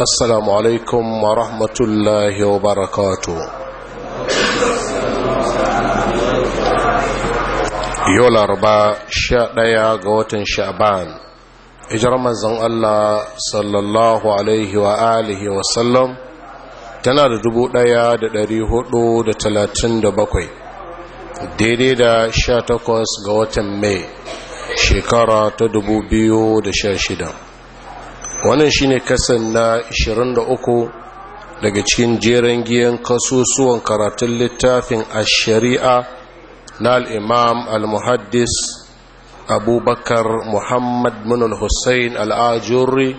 assalamu alaikum wa rahmatullahi wa barakatu yau laraba sha ɗaya ga watan sha'ban ijar manzan Allah sallallahu alaihi wa alihi wa sallam tana da dubu ɗaya da ɗari hudu da talatin da bakwai daidai da sha takwas ga watan mai shekara ta dubu biyu da sha shida wannan shi ne kasan na 23 daga cikin jeren giyan kasusuwan karatun littafin a sharia na al-imam al-muhaddis abubakar muhammad bin al-hussein al-ajurri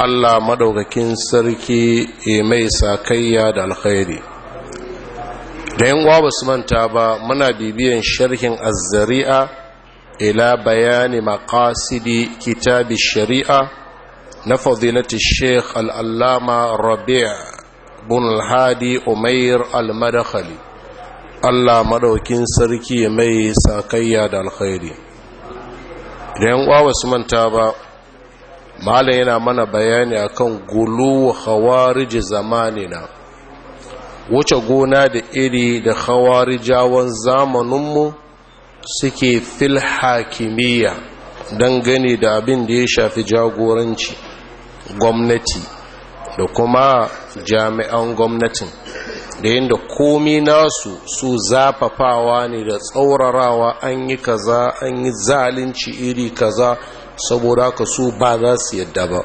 allah maɗaukakin sarki mai sakayya da alkhairi da yin ba manta ba muna bibiyan sharhin azzari'a ila bayani makasidi kitabi shari'a na fadilati sheikh al'allama rabia bin alhadi umair al-madakhali allah maɗaukin sarki mai sakayya da alkhairi da yan uwa su manta ba malam yana mana bayani akan gulu hawariji zamanina wuce gona da iri da hawarijawan zamaninmu suke fil hakimiyya gani da abin da ya shafi jagoranci gwamnati da kuma jami'an gwamnatin da yadda komi nasu su zafafawa ne da tsaurarawa an yi kaza an yi zalunci iri kaza saboda ka su ba za su yadda ba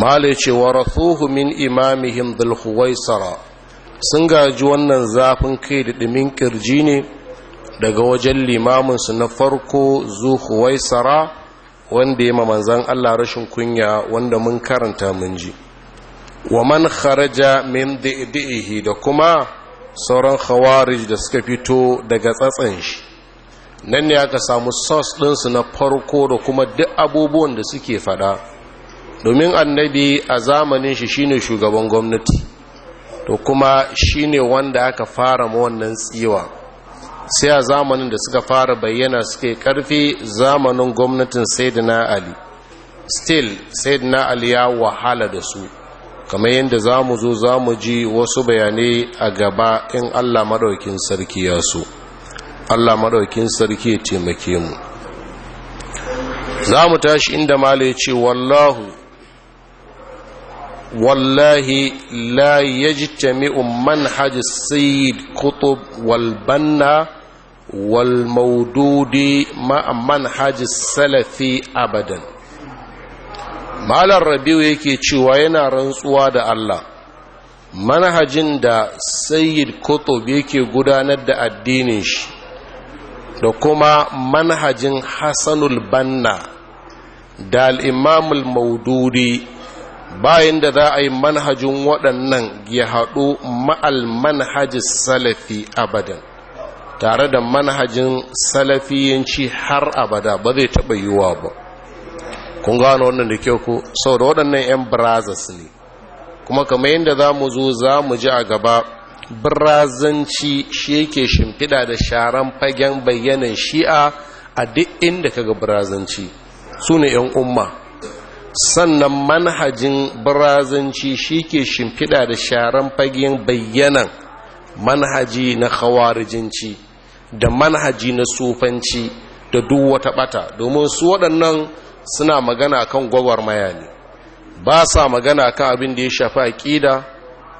mala ce wa rathuhu min imamihim sun gaji wannan zafin kai da ɗimin kirji ne daga wajen limaminsu na farko zuhuwaisara wanda ya manzan Allah rashin kunya wanda mun karanta mun ji wa man kharaja min di'dihi da kuma sauran khawarij da suka fito daga tsatsan shi nan ne aka samu source su na farko da kuma duk abubuwan da suke fada domin annabi a zamanin shi shine shugaban gwamnati to kuma shine wanda aka fara mu wannan tsiwa sai a zamanin da suka fara bayyana suke karfi zamanin gwamnatin saidina ali still saidina ali ya wahala da su kamar yadda za mu zo za mu ji wasu bayanai a gaba in allah maɗaukin sarki ya so allah maɗaukin sarki ya taimake mu za mu tashi inda mala ya ce wallahu wallahi la ya ji sayyid kutub wal banna wal maududi ma manhaj salafi abadan malar rabiu yake cewa yana rantsuwa da Allah manhajin da sayyid kutub yake gudanar da addinin shi da kuma manhajin hasanul banna da al-imamul maududi bayan da za a yi manhajin waɗannan ya haɗu ma'al manhaji salafi abadan tare da manhajin salafiyanci har abada ba zai taɓa yiwuwa ba kun gano wannan da kyau ku? sau da waɗannan 'yan brazas ne kuma kamar yadda za mu zo za mu ji a gaba Brazanci shi yake shimfiɗa da sharan fagen bayyanan shi'a a duk inda kaga Brazanci, su ne 'yan umma sannan manhajin barazanci shi ke shimfiɗa da sharan fagen bayyanan manhaji na hawarijinci da manhaji na sufanci da duk wata bata. domin su waɗannan suna magana kan gwagwarmaya ne ba sa magana kan abin da ya shafi aƙida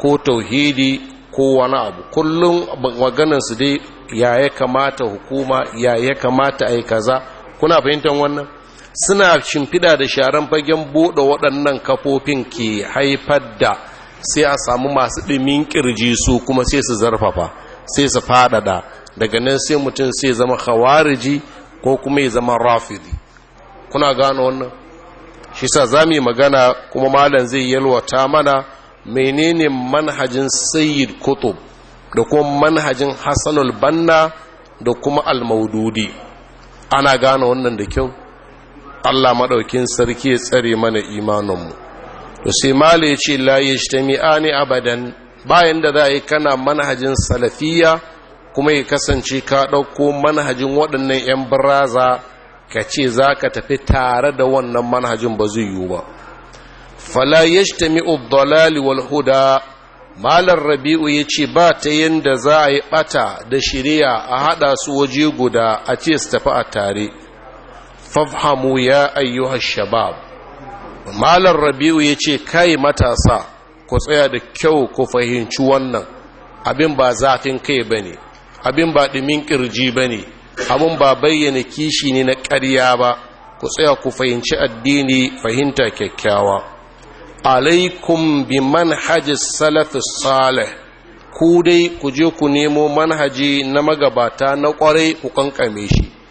ko tauhidi ko wani abu kullum maganansu dai ya ya kamata hukuma ya ya kamata a yi kaza kuna fahimtar wannan suna shimfiɗa da sharan fagen buɗe waɗannan kafofin ke haifar da sai a samu masu ɗimin ƙirji su kuma sai su zarfafa sai su faɗaɗa daga nan sai mutum sai zama hawariji ko kuma ya zama rafidi kuna gano wannan shi sa za mu yi magana kuma malam zai yalwata mana menene manhajin sayyid kutub da kuma manhajin hassanul banna da kuma almaududi ana gano wannan da kyau Allah maɗaukin sarki ya tsare mana imaninmu to sai Mali ya ce la yajtami'ani abadan bayan da za a yi kana manhajin salafiya kuma ya kasance ka ɗauko manhajin waɗannan 'yan biraza ka ce za ka tafi tare da wannan manhajin ba zai yiwu ba fala yajtami'u dalali wal huda malar rabi'u ya ce ba ta yadda za a yi ɓata da shiriya, a haɗa su waje guda a ce su tafi a tare fafhamu ya ayyuha shabab malar rabi'u ya ce kai matasa ku tsaya da kyau ku fahimci wannan abin ba zafin kai ba ne abin ba ɗumin ƙirji ba ne abin ba bayyana kishi ne na ƙarya ba ku tsaya ku fahimci addini fahimta kyakkyawa alaikum bi manhaji salafi salih ku dai ku je ku nemo manhaji na magabata na ƙwarai ku ƙanƙame shi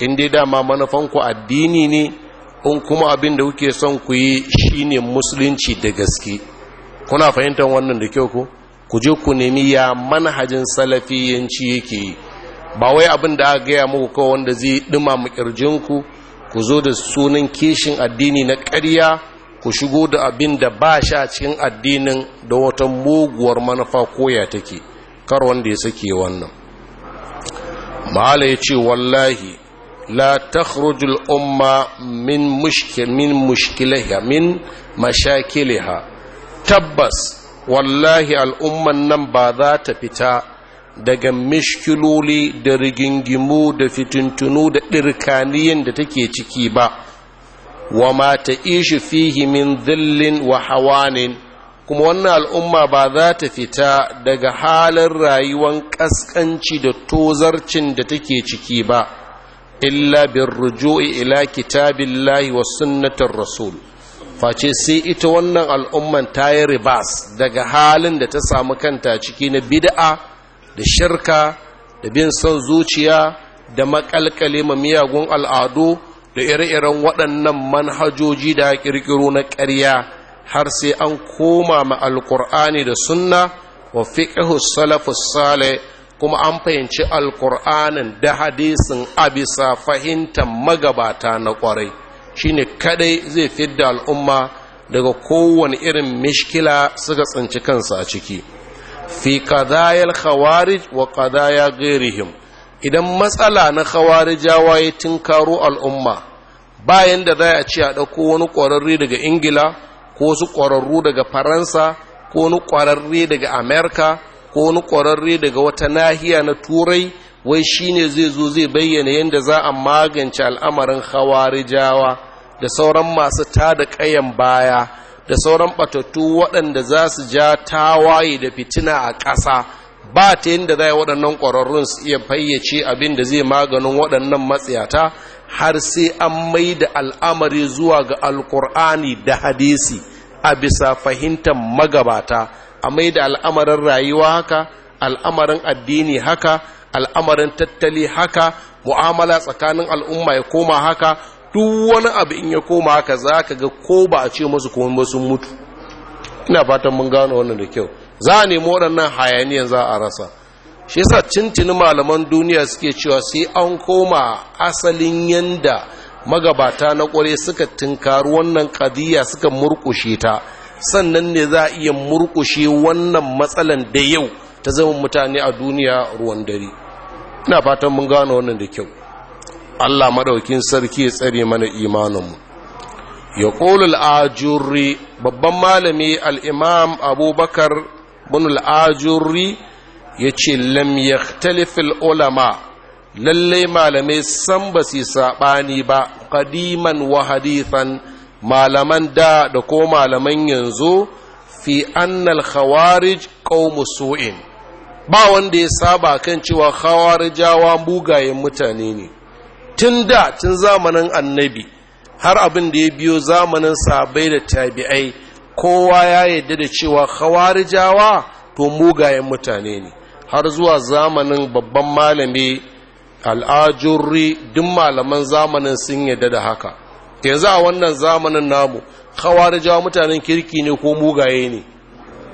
in dai dama manufanku addini ne in kuma abin da kuke son ku yi shine musulunci da gaske kuna fahimtar wannan da kyau ku ku je ku nemi ya manhajin salafiyanci yake yi ba wai abin da aka gaya muku kawai wanda zai dima makirjinku ku zo da sunan kishin addini na ƙarya ku shigo da abin da ba sha cikin addinin da wata muguwar manufa koya take kar wanda ya sake wannan mahala ya ce wallahi la takhrujul umma min mushkil min mushkilaha min mashakiliha tabbas wallahi al'ummar nan ba za ta fita daga mishkiloli da rigingimu da fitintunu da ɗirkaniyin da take ciki ba wa ma ishi fihi min zillin wa hawa ne, kuma wannan al'umma ba za ta fita daga halin rayuwar ƙasƙanci da tozarcin da take ciki ba illa bin ruju'i ila kitabillahi wa sunnatar rasul face sai ita wannan al'umman ta yi ribas daga halin da ta samu kanta ciki na bida'a, da shirka da bin son zuciya da makalkale ma miyagun al'adu da ire-iren waɗannan manhajoji da ƙirƙiro na ƙarya har sai an koma ma alƙur'ani da sunna wa fiƙihu salafus salih kuma an fahimci alkur'anin da hadisin abisa fahimta magabata na kwarai shine kadai zai fidda al'umma daga kowane irin mishkila suka tsinci kansa a ciki fi kadayal khawarij wa kadaya gairihim idan matsala na khawarijawa ya tinkaro al'umma bayan da za a ci a ɗauko wani ƙwararre daga ingila ko su ƙwararru daga faransa ko wani ƙwararre daga amerika ko wani ƙwararre daga wata nahiya na turai wai shine zai zo zai bayyana yadda za a magance al'amarin hawarijawa da sauran masu tada ƙayan baya da sauran batattu waɗanda za su ja tawaye da fitina a ƙasa ba ta yadda za a yi waɗannan ƙwararrun su iya fayyace abin da zai maganin waɗannan matsiyata har sai an mai da al'amari zuwa ga alƙur'ani da hadisi a bisa fahimtar magabata a mai da al'amarin rayuwa haka al'amarin addini haka al'amarin tattali haka mu'amala tsakanin al'umma ya koma haka duk wani abu in ya koma haka za ka ga ko ba a ce musu kuma ba mutu ina fatan mun gano wannan da kyau za a nemi waɗannan hayaniyan za a rasa shi yasa cincin malaman duniya suke cewa sai an koma asalin yanda magabata na ƙware suka tunkar wannan ƙadiyya suka murƙushe ta sannan ne za a iya murkushe wannan matsalan da yau ta zama mutane a duniya ruwan dare ina fatan mun gano wannan da kyau Allah madaukin sarki ya tsare mana imaninmu ya ƙolul ajurri babban malami al'imam abubakar bin al'ajurri ya ce lam yaktalifil ulama' lallai malamai san ba su saɓani ba ƙadiman wa hadithan malaman da da ko malaman yanzu fi annal khawarij qaumu su'in ba wanda ya saba kan cewa khawarijawa bugayen mutane ne tun da tun zamanin annabi har abin da ya biyo zamanin sabai da tabi'ai kowa ya yadda da cewa khawarijawa to mugayen mutane ne har zuwa zamanin babban malami al'ajurri duk malaman zamanin sun yadda da haka yanzu a wannan zamanin namu jawa mutanen kirki ne ko mugaye ne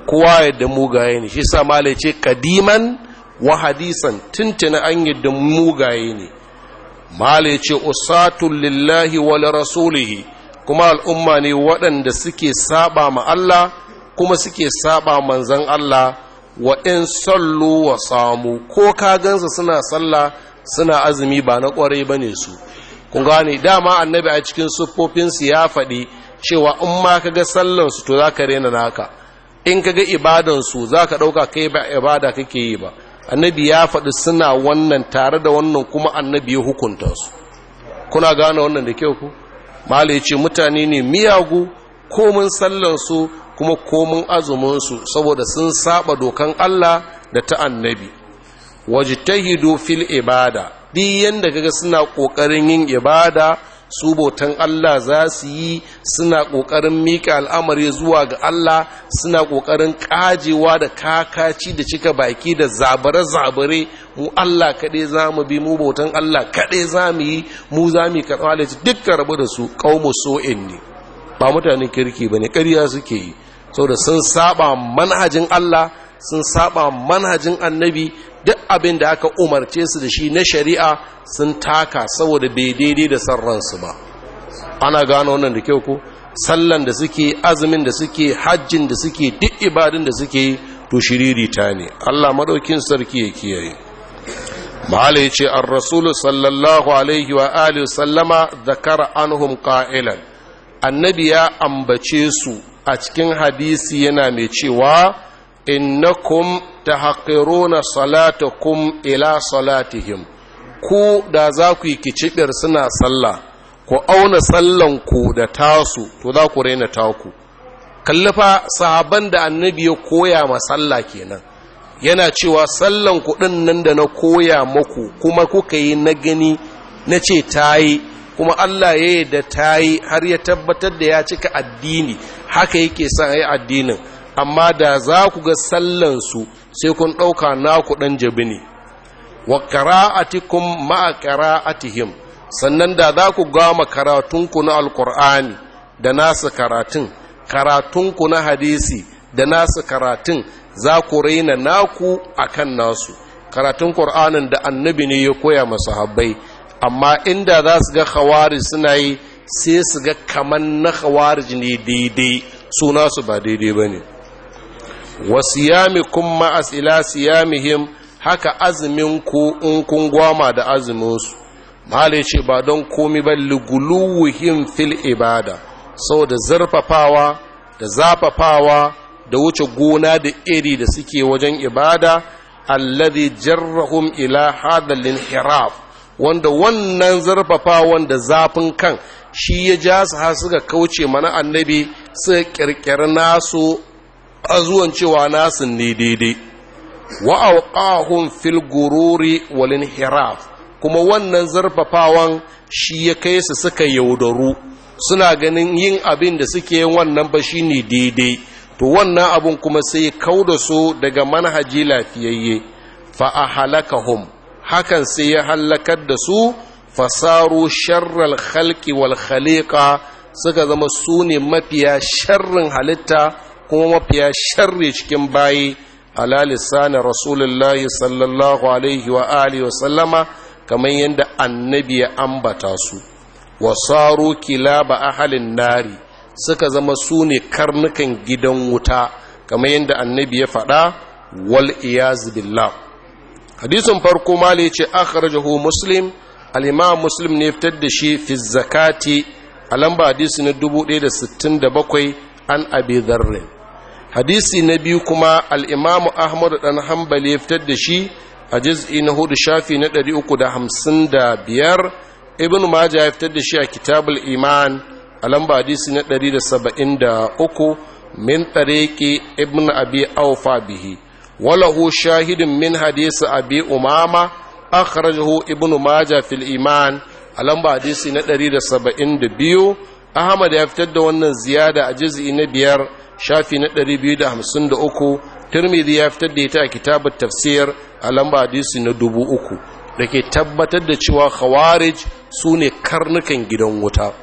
kowa yadda mugaye ne shi sa malai ce kadiman wa hadisan tuntuna an yadda mugaye ne malai ce usatun lillahi wa rasulihi kuma al'umma ne waɗanda suke saba ma Allah kuma suke saba manzan Allah wa in sallu wa samu ko ka gansa suna sallah suna azumi ba na ƙwarai bane su kun gane dama annabi a cikin siffofinsu ya faɗi cewa in ma ka ga sallansu to za ka rena naka in ka ga ibadansu za ka ɗauka kai ba ibada kake yi ba annabi ya faɗi suna wannan tare da wannan kuma annabi ya hukunta su kuna gane wannan da kyau ku mala ya ce mutane ne miyagu komin sallansu kuma komin azuminsu saboda sun saba dokan allah da ta annabi wajtahidu fil ibada duk yanda kaga suna kokarin yin ibada su botan Allah za su yi suna kokarin mika al'amari zuwa ga Allah suna kokarin kajewa da kakaci da cika baki da zabare zabare mu Allah kaɗai za mu bi mu botan Allah kaɗai za mu yi mu za mu karɓa da dukkan rabu da su kaumu so'in ne ba mutanen kirki bane ne ƙarya suke yi saboda sun saba manhajin Allah sun saba manhajin annabi duk abin da aka umarce su da shi na shari'a sun taka saboda bai daidai da san ransu ba ana gano wannan da kyau ko sallan da suke azumin da suke hajjin da suke duk ibadun da suke to ta ne Allah madaukin sarki ya kiyaye ya ce, "An rasul sallallahu alaihi wa alihi sallama zakara anhum ka'ilan, annabi ya ambace su a cikin hadisi yana mai cewa innakum tahqiruna salatakum ila salatihim ku da za ku yi kicibir suna sallah ku auna ku da tasu to za ku raina taku kallafa sahaban da annabi ya koya ma sallah kenan yana cewa sallan kuɗin nan da na koya maku kuma kuka yi na gani na ce ta kuma Allah ya yi da ta har ya tabbatar da ya cika addini haka yake sa yi addinin amma da za ku ga sallansu sai kun ɗauka naku ɗan jabi ne wa kara'atikum ma'a kara'atihim sannan da za ku gama karatunku na alkur'ani da nasu karatun karatunku na hadisi da nasu karatun za ku raina naku akan nasu karatun ƙur'anin da annabi ne ya koya masahabbai amma inda za su ga khawari suna yi sai su ga kaman na khawari ne daidai suna su ba daidai ba ne wa siyamikum ma'as ila siyamihim haka azumin ku in kun gwama da azumin su malai ce ba don komi ba liguluwihim fil ibada da zarfafawa da zafafawa da wuce gona da iri da suke wajen ibada alladhi jarrahum ila hadhal inhiraf wanda wannan zarfafa wanda zafin kan shi ya ja su har suka kauce mana annabi suka kirkiri nasu azuwan cewa nasin ne daidai wa auqahum fil gururi wal inhiraf kuma wannan zarfafawan shi ya kai su suka yaudaru suna ganin yin abin da suke wannan ba shine daidai to wannan abun kuma sai kau da su daga manhaji lafiyayye fa ahlakahum hakan sai ya halakar da su fasaru sharral khalqi wal khaliqa suka zama su mafiya sharrin halitta kuma mafiya sharri cikin bayi ala lisanin rasulullahi sallallahu alaihi wa alihi wa sallama kamar yadda annabi ya ambata su wa saro kilaba ahalin nari suka zama su ne karnukan gidan wuta kamar yadda annabi ya faɗa wal iyaz billah hadisin farko le ce akhrajahu muslim al-imam muslim ne fitar da shi fi zakati a lamba hadisi na 1067 an abi dharrin hadisi na biyu kuma al'imamu ahmad ɗan hambali ya fitar da shi a jiz'i na hudu shafi na ɗari uku da hamsin da biyar ibn maja ya fitar da shi a kitabul iman a lamba hadisi na ɗari da saba'in da uku min ke ibn abi aufa bihi walahu shahidin min hadisi abi umama akhrajahu ibn maja fil iman a lamba hadisi na ɗari da saba'in da biyu ahmad ya fitar da wannan ziyada a jiz'i na biyar shafi na ɗari 253 tirmidhi ya fitar da ita a kitabar tafsir a lamba hadisi na 3000 da ke tabbatar da cewa khawarij su ne karnukan gidan wuta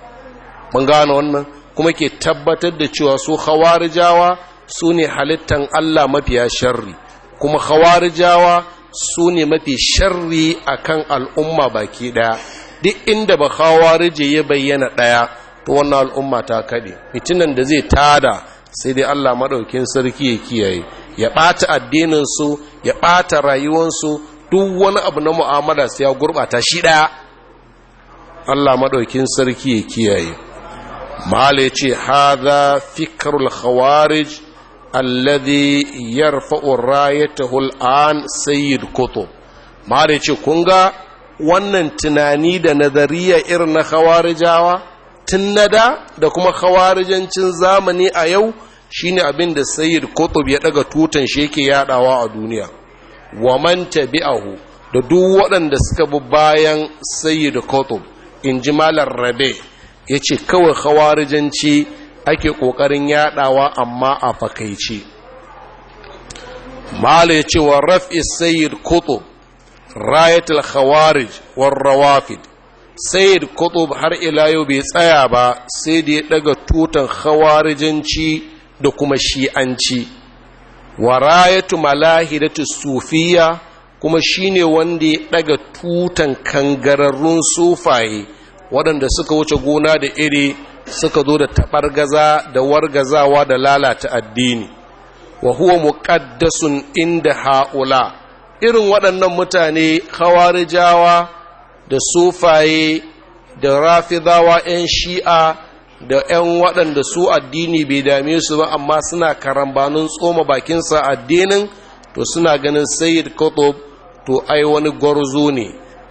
mun gane wannan kuma ke tabbatar da cewa su khawarijawa su ne halittan Allah mafiya sharri kuma khawarijawa su ne mafi sharri kan al'umma baki ɗaya, duk inda ba khawarije ya bayyana ɗaya, to wannan al'umma ta kaɗe mitinan da zai tada sai dai Allah maɗaukin sarki ya kiyaye ya ɓata addininsu ya ɓata rayuwansu duk wani abu na mu'amala sai ya gurbata shi ɗaya Allah maɗaukin sarki ya kiyaye mahala ce haza fikrul khawarij alladhi yarfa'u rayatahu al'an sayyid kutub mahala ce kun ga wannan tunani da nazariya irin na khawarijawa tun nada da kuma kawarijancin zamani a yau shine abin da sayyid kotob ya daga tutan shi yake yadawa a duniya wa man tabi'ahu da duk waɗanda suka bi bayan sayyid kotob in ji malar rabe yace kawai kawarijanci ake ƙoƙarin yadawa amma a fakaici mala ce, wa raf'i sayyid kotob rayatul khawarij war rawafid sayid kutub har ila yau bai tsaya ba sai da ya daga tutan khawarijanci da kuma shi'anci warayatu malahidatu sufiya kuma shine wanda ya daga tutan kangararrun sufaye waɗanda suka wuce gona da iri suka zo da taɓargaza da wargazawa da lalata addini wa huwa muqaddasun inda ha'ula irin waɗannan mutane khawarijawa da sufaye da rafidawa 'yan shi'a da 'yan waɗanda su addini bai dame su ba amma suna karambanin tsoma bakinsa addinin to suna ganin sayid kotob to ai wani gwarzo ne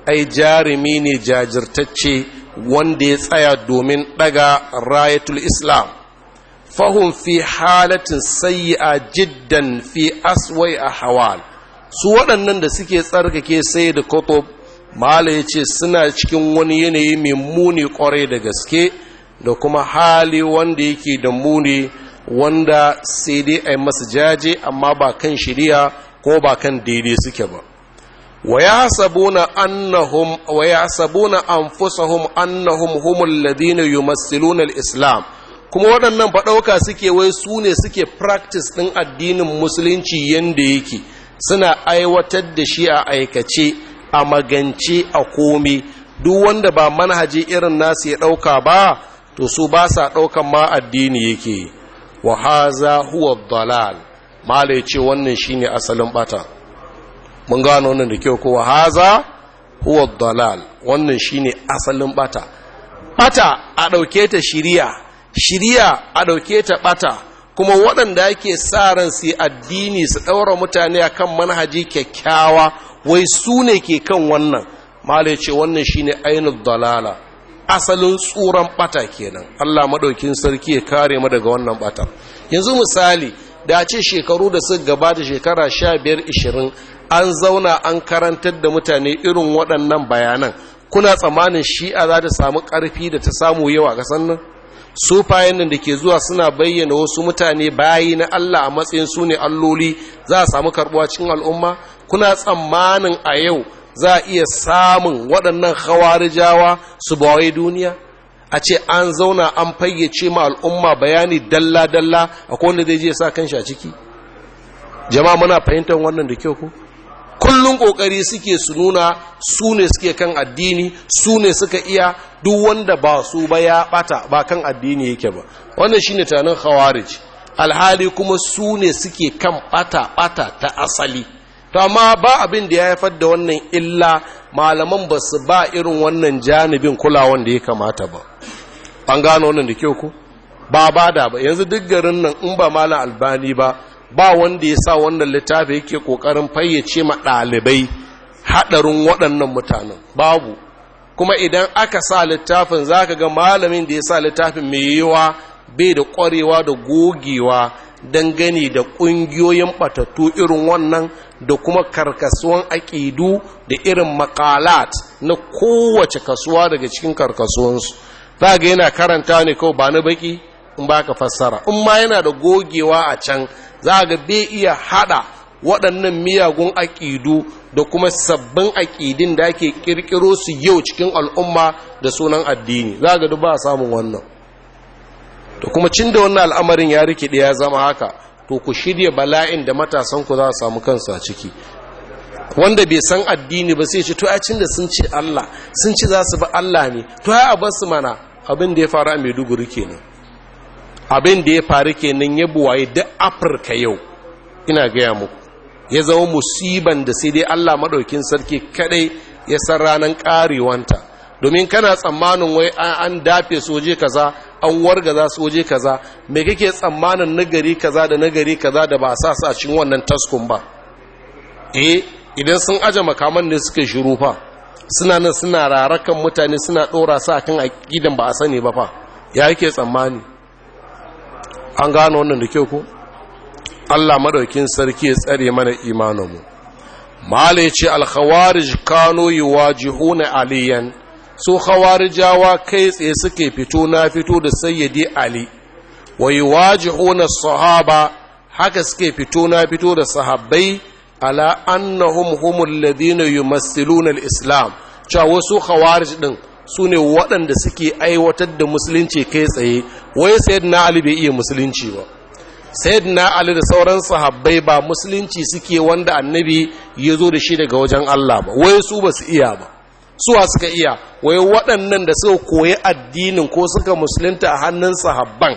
ai jarumi ne jajirtacce wanda ya tsaya domin ɗaga rayatul islam fahun fi halatin a jiddan fi aswai a hawal su waɗannan da suke tsarkake sayid kotob mala ya ce suna cikin wani yanayi mai muni kwarai da gaske da kuma hali wanda yake da muni wanda sai dai a yi masa jaje amma ba kan shirya ko ba kan daidai suke ba wa ya sabuna anfusahum annahum humul ladina yi al-islam kuma waɗannan faɗauka suke wai su ne suke practice ɗin addinin musulunci yadda yake suna aiwatar da shi a aikace a magance a komi duk wanda ba manhaji irin nasu ya ɗauka ba to su ba sa ɗaukan ma addini yake wa haza huwa dalal malai ce wannan shine asalin bata mun gano wannan da kyau ko wa haza huwa dalal wannan shine asalin bata bata a ɗauke ta shiriya shiriya a ɗauke ta bata kuma waɗanda ake sa ran su addini su ɗaura mutane akan manhaji kyakkyawa wai su ne ke kan wannan malai ce wannan shine ainihin dalala asalin tsoron bata kenan allah maɗaukin sarki ya kare mu daga wannan bata yanzu misali da ce shekaru da suka gabata shekara sha biyar ishirin an zauna an karantar da mutane irin waɗannan bayanan kuna tsammanin shi'a za ta samu ƙarfi da ta samu yawa ga sannan sufayen nan da ke zuwa suna bayyana wasu mutane bayi na Allah a matsayin su ne alloli za a samu karɓuwa cikin al'umma kuna tsammanin a yau za a iya samun waɗannan hawarijawa su bawai duniya a ce an zauna an fayyace ma al'umma bayani dalla-dalla a wanda zai je sa kanshi a ciki jama'a muna fahimtar wannan da kyau ku kullum kokari suke su nuna su ne suke kan addini su ne suka iya duk wanda ba su ba ya bata ba kan addini yake ba wannan shi ne tunanin khawarij alhali kuma su ne suke kan ɓata-ɓata ta asali to amma ba abin da ya haifar da wannan illa malaman ba su ba irin wannan janibin kulawan da ya kamata ba an gano wannan da kyau ku ba ba da ba yanzu duk garin nan in ba malam albani ba ba wanda ya sa wannan littafi yake kokarin fayyace ma ɗalibai haɗarin waɗannan mutanen babu kuma idan aka sa littafin zaka ga malamin da ya sa littafin mai yiwa bai da ƙwarewa da gogewa dangane da ƙungiyoyin ɓatattu irin wannan da kuma karkasuwan aƙidu da irin makalat na kowace kasuwa daga cikin karkasuwansu za ga yana karanta ne kawai ba na baki in ba ka fassara in ma yana da gogewa a can za ga bai iya haɗa waɗannan miyagun aƙidu da kuma sabbin aƙidin da ake ƙirƙiro su yau cikin al'umma da sunan addini za ga duk ba samun wannan to kuma cin da wannan al'amarin ya rikide ya zama haka to ku shirya bala'in da matasan ku za a samu kansu a ciki wanda bai san addini ba sai ce to cin da sun ci Allah sun ci za su bi Allah ne to ya a su mana abin da ya faru a Maiduguri kenan abin da ya faru kenan ya buwaye duk Afirka yau ina gaya muku ya zama musiban da sai dai Allah maɗaukin sarki kadai ya san ranar ƙarewanta domin kana tsammanin wai an dafe soje kaza an wargaza soje kaza me kake tsammanin nagari kaza da nagari kaza da ba a sa su a wannan taskun ba eh idan sun aje makaman ne suke shiru fa suna nan suna rarakan mutane suna dora su akan aqidan ba a sani ba fa ya yake tsammani an gano wannan da kyau ko Allah madaukin sarki ya tsare mana mu malai ce alkhawarij kanu yuwajihuna aliyan su khawarijawa kai tsaye suke fito na fito da sayyidi ali wa yuwajihuna sahaba haka suke fito na fito da sahabbai ala annahum humul ladina yumassiluna alislam islam cewa wasu khawarij din su ne waɗanda suke aiwatar da musulunci kai tsaye wai sayyidina ali bai iya musulunci ba sayyidina ali da sauran sahabbai ba musulunci suke wanda annabi ya zo da shi daga wajen Allah ba wai su basu iya ba suwa suka iya wai waɗannan da suka koyi addinin ko suka musulunta a hannun sahabban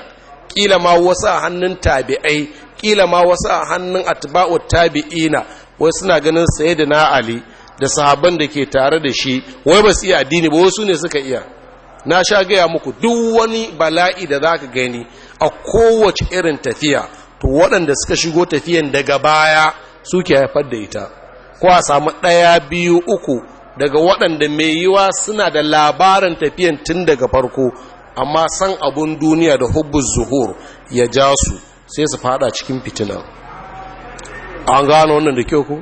kila ma wasu a hannun tabi'ai kila ma wasu a hannun atba'u tabi'ina wai suna ganin saye da na'ali, da sahabban da ke tare da shi wai ba su iya addini ba wasu ne suka iya na sha gaya muku duk wani bala'i da za ka gani a kowace irin tafiya to waɗanda suka shigo tafiyan daga baya suke haifar da ita ko a samu ɗaya biyu uku daga waɗanda mai yiwa suna da labarin tafiyan tun daga farko amma san abun duniya da hubbus zuhur ya ja su sai su fada cikin fitina an gano wannan da kyau ku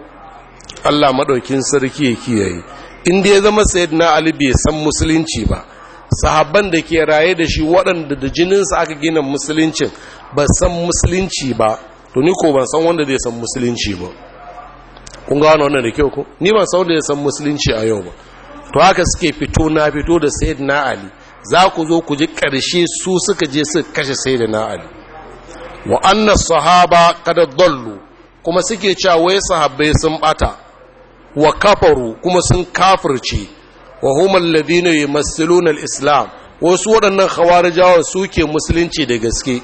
allah maɗaukin sarki ya kiyaye inda ya zama na ali bai san musulunci ba sahabban da ke raye da shi waɗanda da jininsa aka gina musuluncin ba san musulunci ba to ni ko ban san wanda zai san musulunci ba kun gano wannan da kyau ko ni ban sau da san musulunci a yau ba to haka suke fito na fito da sayyidina ali za ku zo ku ji ƙarshe su suka je su kashe sayyidina ali wa anna sahaba kada dallu kuma suke cewa wai sahabbai sun bata wa kafaru kuma sun kafirce wa huma alladhina yumassiluna alislam islam wasu waɗannan khawarijawa suke musulunci da gaske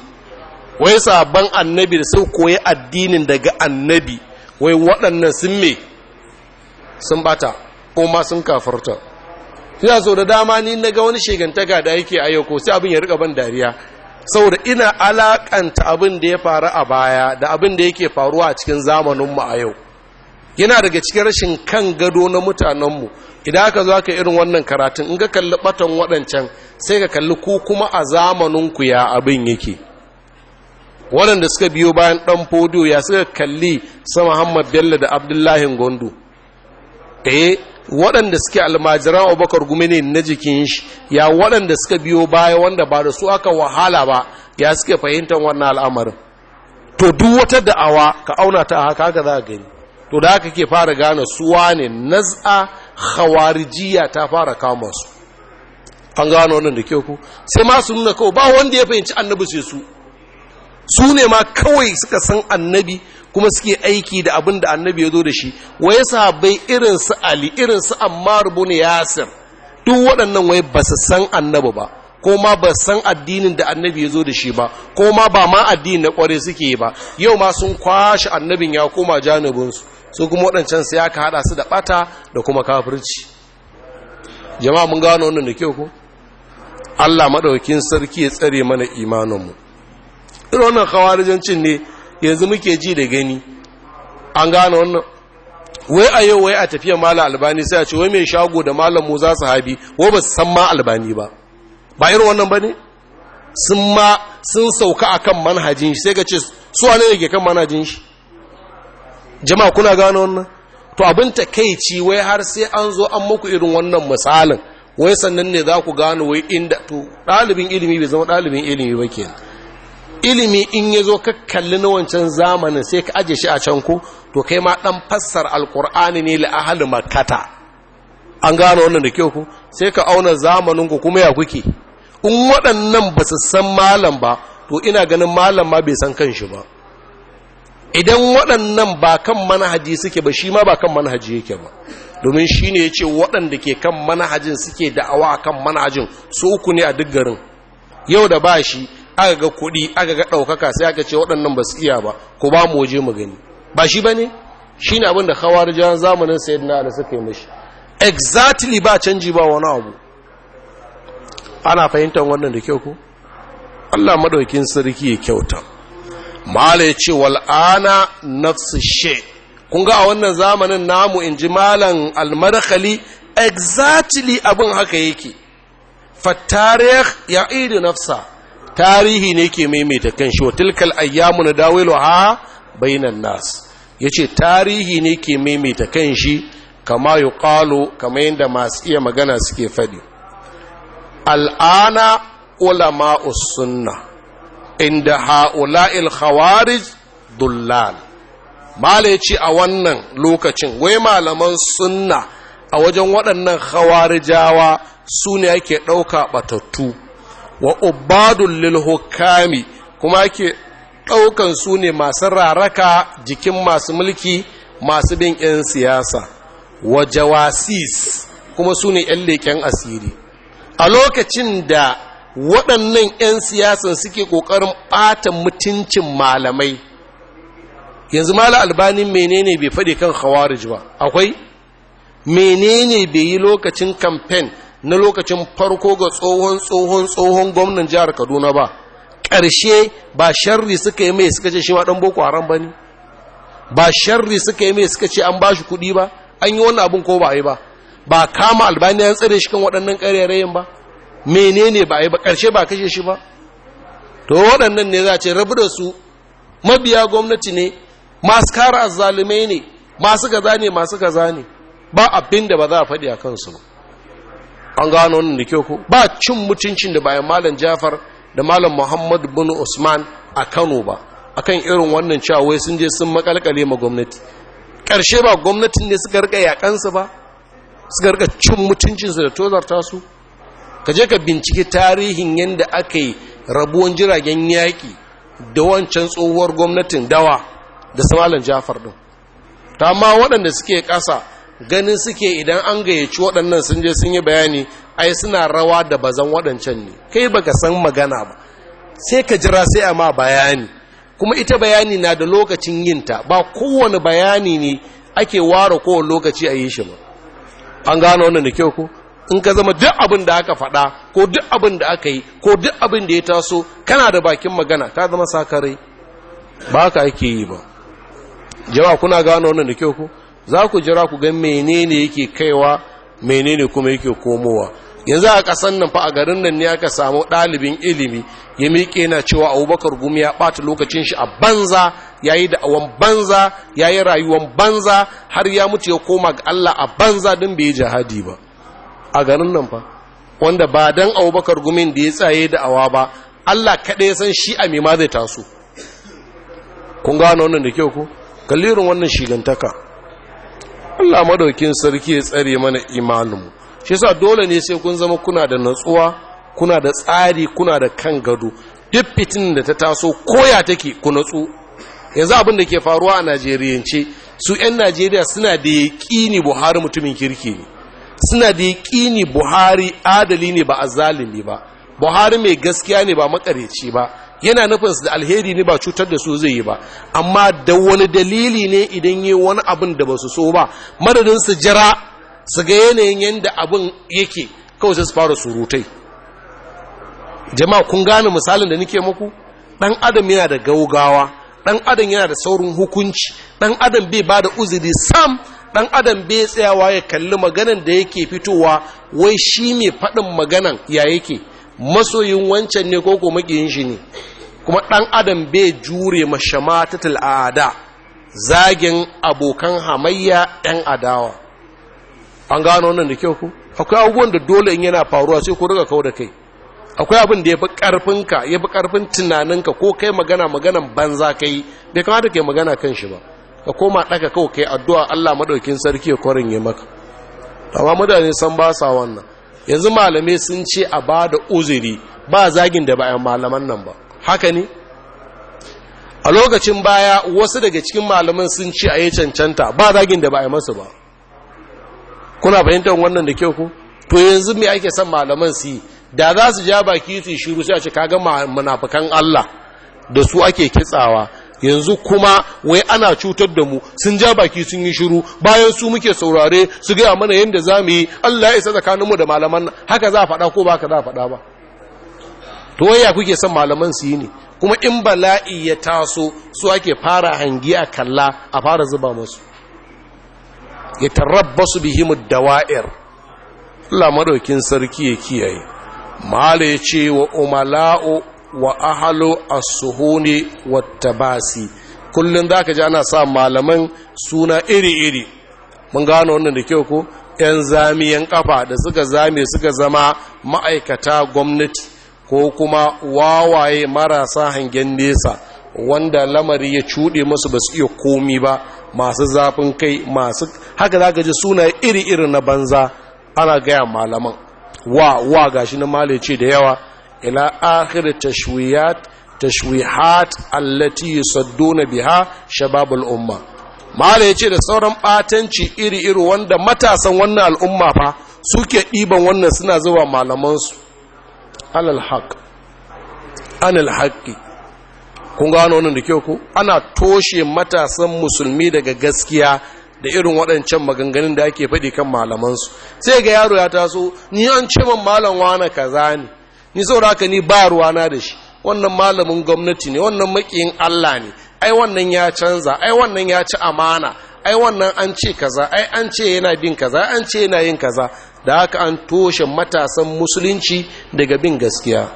wai sahabban annabi da sun koyi addinin daga annabi wai waɗannan sun me sun bata ko ma sun kafarta ya so da dama ni na ga wani shegantaka da yake a yau ko sai abin ya rika ban dariya saboda ina alaƙanta abin da ya faru a baya da abin da yake faruwa a cikin zamaninmu a yau yana daga cikin rashin kan gado na mutanenmu idan aka zo aka irin wannan karatun in ka kalli batan waɗancan sai ka kalli ku kuma a zamaninku ya abin yake waɗanda suka biyo bayan ɗan fodiyo ya suka kalli sama hamad bello da abdullahi gondo E waɗanda suke almajiran abubakar Gumene na jikin shi ya waɗanda suka biyo baya wanda ba da su aka wahala ba ya suke fahimtar wannan al'amarin to duk wata da'awa ka auna ta haka haka za gani to da haka ke fara gane suwa ne naz'a khawarijiya ta fara kama su an gano wannan da ke ku sai ma su nuna kawai ba wanda ya fahimci annabi sai su su ne ma kawai suka san annabi kuma suke aiki da abin da annabi ya zo da shi wai sahabbai irin su ali irin su ammar ibn yasir duk waɗannan wai ba su san annabi ba ko ma ba san addinin da annabi ya zo da shi ba ko ma ba ma addini na kware suke ba yau ma sun kwashe annabin ya koma janubinsu, su kuma waɗancan ya ka haɗa su da ɓata da kuma kafirci jama'a mun gano wannan da kyau ko Allah maɗaukin sarki ya tsare mana imaninmu irin wannan khawarijancin ne yanzu muke ji da gani an gane wannan wai a yau wai a tafiya malam albani sai a ce wai mai shago da malam mu za su habi wai ba su san ma albani ba ba irin wannan ba ne sun ma sun sauka a kan manhajin shi sai ka ce su wane yake kan manhajin shi jama'a kuna gano wannan to abin ta ci wai har sai an zo an muku irin wannan misalin wai sannan ne za ku gano wai inda to ɗalibin ilimi bai zama ɗalibin ilimi ba kenan ilimi in ya zo ka kalli na wancan zamanin sai ka ajiye shi a can ku to kai ma ɗan fassar alkur'ani ne la'ahalin makata an gano wannan da kyau ku sai ka auna zamanin ku kuma ya kuke in waɗannan ba su san malam ba to ina ganin malam ma bai san kan shi ba idan waɗannan ba kan manhaji suke ba shi ma ba kan manhaji yake ba domin shi ne ya ce waɗanda ke kan manhajin suke da'awa a kan manhajin su uku ne a duk garin yau da ba shi aka ga kuɗi aka ga ɗaukaka sai aka ce waɗannan ba su iya ba ku ba mu waje mu gani ba shi ba ne shi ne abin da jihar zamanin sayyidina da suka yi mashi exactly ba canji ba wani abu ana fahimtar wannan da kyau ku Allah maɗaukin sarki ya kyauta mala ya ce wal'ana nafsu she kun ga a wannan zamanin namu in ji malan almarkali exactly abin haka yake fattarih ya nafsa tarihi ne ke maimaita kan shi tilkal ayyamu na dawilu ha bainan nas ya ce tarihi ne ke maimaita kan shi kama yi ƙalo kama yadda masu iya magana suke faɗi al'ana ulama sunna inda ha'ula'il khawarij dullal mala ce a wannan lokacin wai malaman sunna a wajen waɗannan Hawarijawa su ne ake ɗauka ɓatattu wa ubadun lil hukami kuma ake ɗaukan su ne masu raraka jikin masu mulki masu bin 'yan siyasa wa jawasis kuma su ne 'yan leƙen asiri a lokacin da waɗannan 'yan siyasan suke ƙoƙarin ɓata mutuncin malamai yanzu mala albanin menene bai faɗi kan khawarij ba akwai menene bai yi lokacin kamfen na lokacin farko ga tsohon tsohon tsohon gwamnan jihar kaduna ba ƙarshe ba sharri suka yi mai suka ce shi ma ɗan boko haram ba ne ba sharri suka yi mai suka ce an ba shi kuɗi ba an yi wannan abin ko ba a yi ba ba kama albani ya tsare shi kan waɗannan ƙarerayen ba menene ba a yi ba ƙarshe ba kashe shi ba to waɗannan ne za a ce rabu da su mabiya gwamnati ne masu kara azzalumai ne masu gaza ne masu gaza ne ba abin da ba za a faɗi a kansu ba an gano wannan da kyau ko ba cin mutuncin da bayan malam jafar da malam muhammad bin usman a kano ba akan irin wannan cewa wai sun je sun makalkale ma gwamnati ƙarshe ba gwamnatin ne suka rika yakansu ba suka rika cin mutuncinsu da tozarta su ka je ka binciki tarihin yadda aka yi rabuwan jiragen yaƙi da wancan tsohuwar gwamnatin dawa da su malam jafar ɗin ta ma waɗanda suke ƙasa ganin suke idan an gayyaci waɗannan sun je sun yi bayani ai suna rawa da bazan waɗancan ne kai baka san magana ba sai ka jira sai a ma bayani kuma ita bayani na da lokacin yinta ba kowane bayani ne ake ware kowane lokaci a yi shi ba an gano wannan da kyau ko in ka zama duk abin da aka faɗa ko duk abin da aka yi ko duk abin da ya taso kana da bakin magana Ta zama sakarai ba ka ake yi ba jama'a kuna gano wannan da kyau ko za ku jira ku ga menene yake kaiwa menene kuma yake komowa yanzu a ƙasan nan fa a garin nan ne aka samu ɗalibin ilimi ya miƙe na cewa abubakar gumi ya ɓata lokacin shi a banza ya yi da'awan banza ya yi rayuwan banza har ya mutu ya koma ga allah a banza don bai yi jihadi ba a garin nan fa wanda ba don abubakar gumin da ya tsaye da da'awa ba allah kaɗai ya san shi a mema zai taso kun gano wannan da kyau ko kallirin wannan shigantaka Allah madaukin sarki ya tsare mana imaninmu shi yasa dole ne sai kun zama kuna da natsuwa kuna da tsari kuna da kan gado duk fitin da ta taso koya take ku natsu yanzu abin da ke faruwa a najeriyance su 'yan najeriya suna da yaƙini buhari mutumin kirki ne suna da yaƙini buhari adali ne ba a zalimi ba buhari mai gaskiya ne ba makareci ba yana nufin su da alheri ne ba cutar da su zai yi ba amma da wani dalili ne idan yi wani abin da ba su so ba madadin su jira su ga yanayin yadda abin yake kawai sai su fara surutai jama'a kun gane misalin da nake muku dan adam yana da gaugawa dan adam yana da saurin hukunci dan adam bai ba da uzuri sam dan adam bai tsayawa ya kalli maganan da yake fitowa wai shi mai faɗin maganan ya yake masoyin wancan ne ko ko makiyin shi ne kuma ɗan adam bai jure ma shamatatul ada zagin abokan hamayya ɗan adawa an gano wannan da kyau ku akwai abubuwan da dole in yana faruwa sai ku riga kawo da kai akwai abin da ya fi ƙarfinka ya fi ƙarfin tunaninka ko kai magana maganan banza kai bai kamata kai magana kan shi ba ka koma ɗaga kawo kai addu'a Allah maɗaukin sarki ya kwarin ya maka amma mutane san ba wannan yanzu malamai sun ce a ba da uzuri ba zagin da bayan malaman nan ba haka ne a lokacin baya wasu daga cikin malaman sun ce a yi cancanta ba zagin da ba masu ba kuna fahimtar wannan da kyau ku to yanzu mai ake son malaman si da za su ja baki su shiru sai a ce kaga manafakan Allah da su ake kitsawa yanzu kuma wai ana cutar da mu sun ja baki sun yi shiru bayan su muke saurare su gaya mana yadda za mu yi Allah ya isa tsakaninmu da malaman nan haka za a faɗa ko ba ka za a faɗa ba to waya kuke son malaman su yi ne kuma in bala'i ya taso su ake fara hangi a kalla a fara zuba masu ya bihi mu dawa'ir Allah madaukin sarki ya kiyaye mala ya ce wa umala'u wa ahalo asuhuni wa tabasi Kullum za zaka ji ana sa malaman suna iri-iri mun gano wannan da kyau ko yan zamiyan kafa da suka zame suka zama ma'aikata gwamnati ko kuma wawaye marasa hangen nesa wanda lamari ya cuɗe musu ba su iya komi ba masu zafin kai masu haka zaka ji suna iri-iri na banza ana gaya malaman wa wa gashi na malice da yawa ila آخر tashwiyat تشويحات التي يصدون بها shababul umma ما yace da sauran ɓatanci iri iri wanda matasan wannan al'umma fa suke diban wannan suna zuwa malaman su alal haq kun gano wannan da kyau ko ana toshe matasan musulmi daga gaskiya da irin waɗancan maganganun da ake faɗi kan malamansu sai ga yaro ya taso ni an ce man malam wani kaza ne ni saboda haka ni ba na da shi wannan malamin gwamnati ne wannan makiyin Allah ne ai wannan ya canza ai wannan ya ci amana ai wannan an ce kaza ai an ce yana bin kaza an ce yana yin kaza da haka an toshe matasan musulunci daga bin gaskiya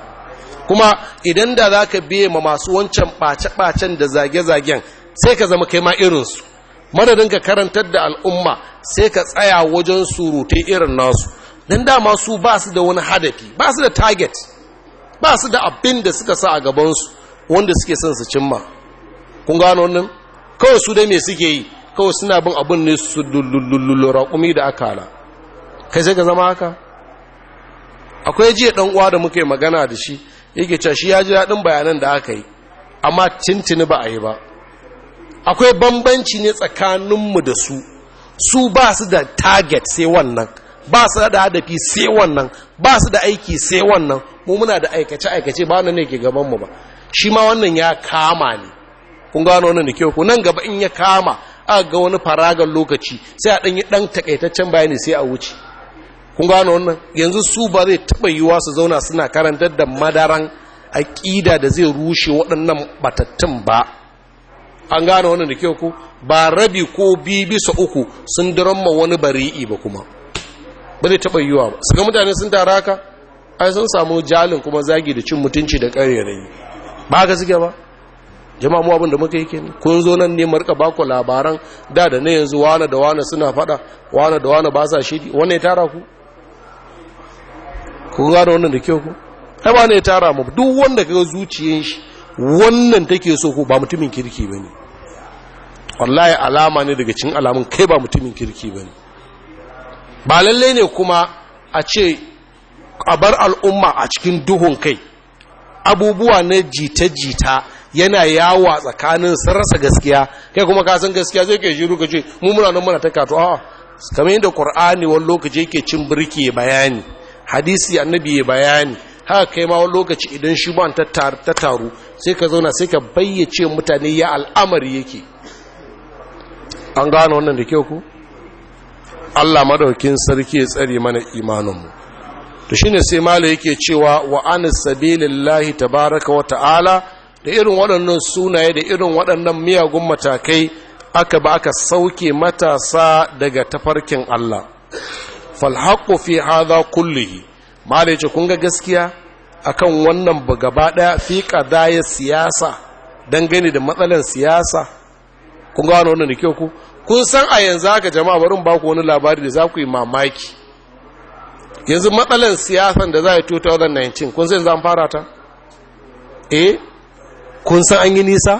kuma idan da za ka biye ma masu wancan ɓace-ɓacen da zage-zagen sai ka zama kai ma irinsu madadin ka karantar da al'umma sai ka tsaya wajen surutai irin nasu Dan dama su ba su da wani hadafi ba su da target ba su da abin da suka sa a gabansu wanda suke son su cimma kun gano nan kawai su dai me suke yi kawai suna bin abin ne su dullullullullu raƙumi da akala kai sai ka zama haka akwai jiya ɗan uwa da muka yi magana da shi yake cewa shi ya ji daɗin bayanan da aka yi amma tintini ba a yi ba akwai bambanci ne tsakaninmu da su su ba su da target sai wannan ba su da hadafi sai wannan ba su da aiki sai wannan mu muna da aikace aikace ba wannan ne ke gaban mu ba shi ma wannan ya kama ne kun gano wannan da kyau ku nan gaba in ya kama aka ga wani faragan lokaci sai a ɗanyi ɗan takaitaccen bayani sai a wuce kun gano wannan yanzu su ba zai taɓa yiwuwa su zauna suna karantar da madaran aƙida da zai rushe waɗannan batattun ba an gano wannan da kyau ku ba rabi ko biyu bisa uku sun ma wani bari'i ba kuma ba zai taɓa yiwa ba su ga mutane sun tara ka ai sun samu jalin kuma zagi da cin mutunci da ƙarerayi ba ka suke ba jama'a mu abin da muka yi kenan kun zo nan ne marka ku labaran da da na yanzu wane da wane suna faɗa wane da wane ba sa shiri wane ya tara ku ku gano wannan da kyau ku ai ba ne ya tara mu duk wanda kaga zuciyen shi wannan take so ku ba mutumin kirki bane wallahi alama ne daga cikin alamun kai ba mutumin kirki bane ba lallai ne kuma a ce a bar al'umma a cikin duhun kai abubuwa na jita-jita yana yawa tsakanin sun gaskiya kai kuma kasan gaskiya zai ke shiru ka ce muna nan muna ta kato a kama yadda qur'ani wani lokaci yake cin birki ya bayani hadisi annabi ya bayani haka kai ma wani lokaci idan shi ban ta taru sai ka zauna sai ka bayyace mutane ya al'amari yake an gano wannan da kyau ku Allah madaukin sarki ya tsare mana imaninmu to shine sai mala yake cewa wa anis sabilillahi tabaraka wa ta'ala da irin waɗannan sunaye da irin waɗannan miyagun matakai aka ba aka sauke matasa daga tafarkin Allah falhaqqu fi hadha kullihi mala yace kun ga gaskiya akan wannan gaba daya fi qadaya siyasa dangane da matsalan siyasa kun ga wannan da kyau ku kun san a yanzu haka jama'a barin ba ku wani labari da za ku yi mamaki yanzu matsalan siyasan da za a yi 2019 kun san a fara ta eh kun san an yi nisa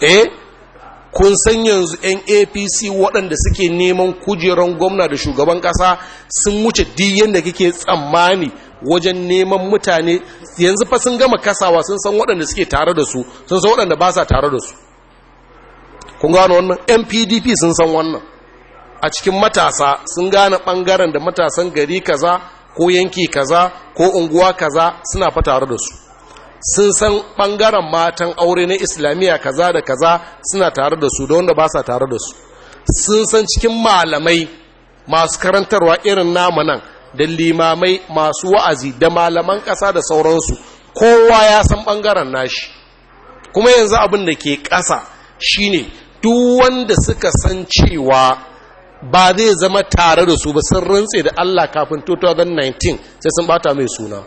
eh kun san yanzu yan apc waɗanda suke neman kujeran gwamna da shugaban ƙasa sun wuce diyan da kike tsammani wajen neman mutane yanzu fa sun gama kasawa sun san waɗanda suke tare da su sun san waɗanda ba sa tare da su kun gano wannan mpdp sun san wannan a cikin matasa sun gane ɓangaren da matasan gari kaza ko yanki kaza ko unguwa kaza suna fa tare da su sun san ɓangaren matan aure na islamiyya kaza da kaza suna tare da su da wanda ba sa tare da su sun san cikin malamai masu karantarwa irin namu da limamai masu wa'azi da malaman ƙasa da sauransu kowa ya san ɓangaren nashi kuma yanzu abin da ke ƙasa shine duk wanda suka san cewa ba zai zama tare da su ba sun rantse da Allah kafin 2019 sai sun bata mai suna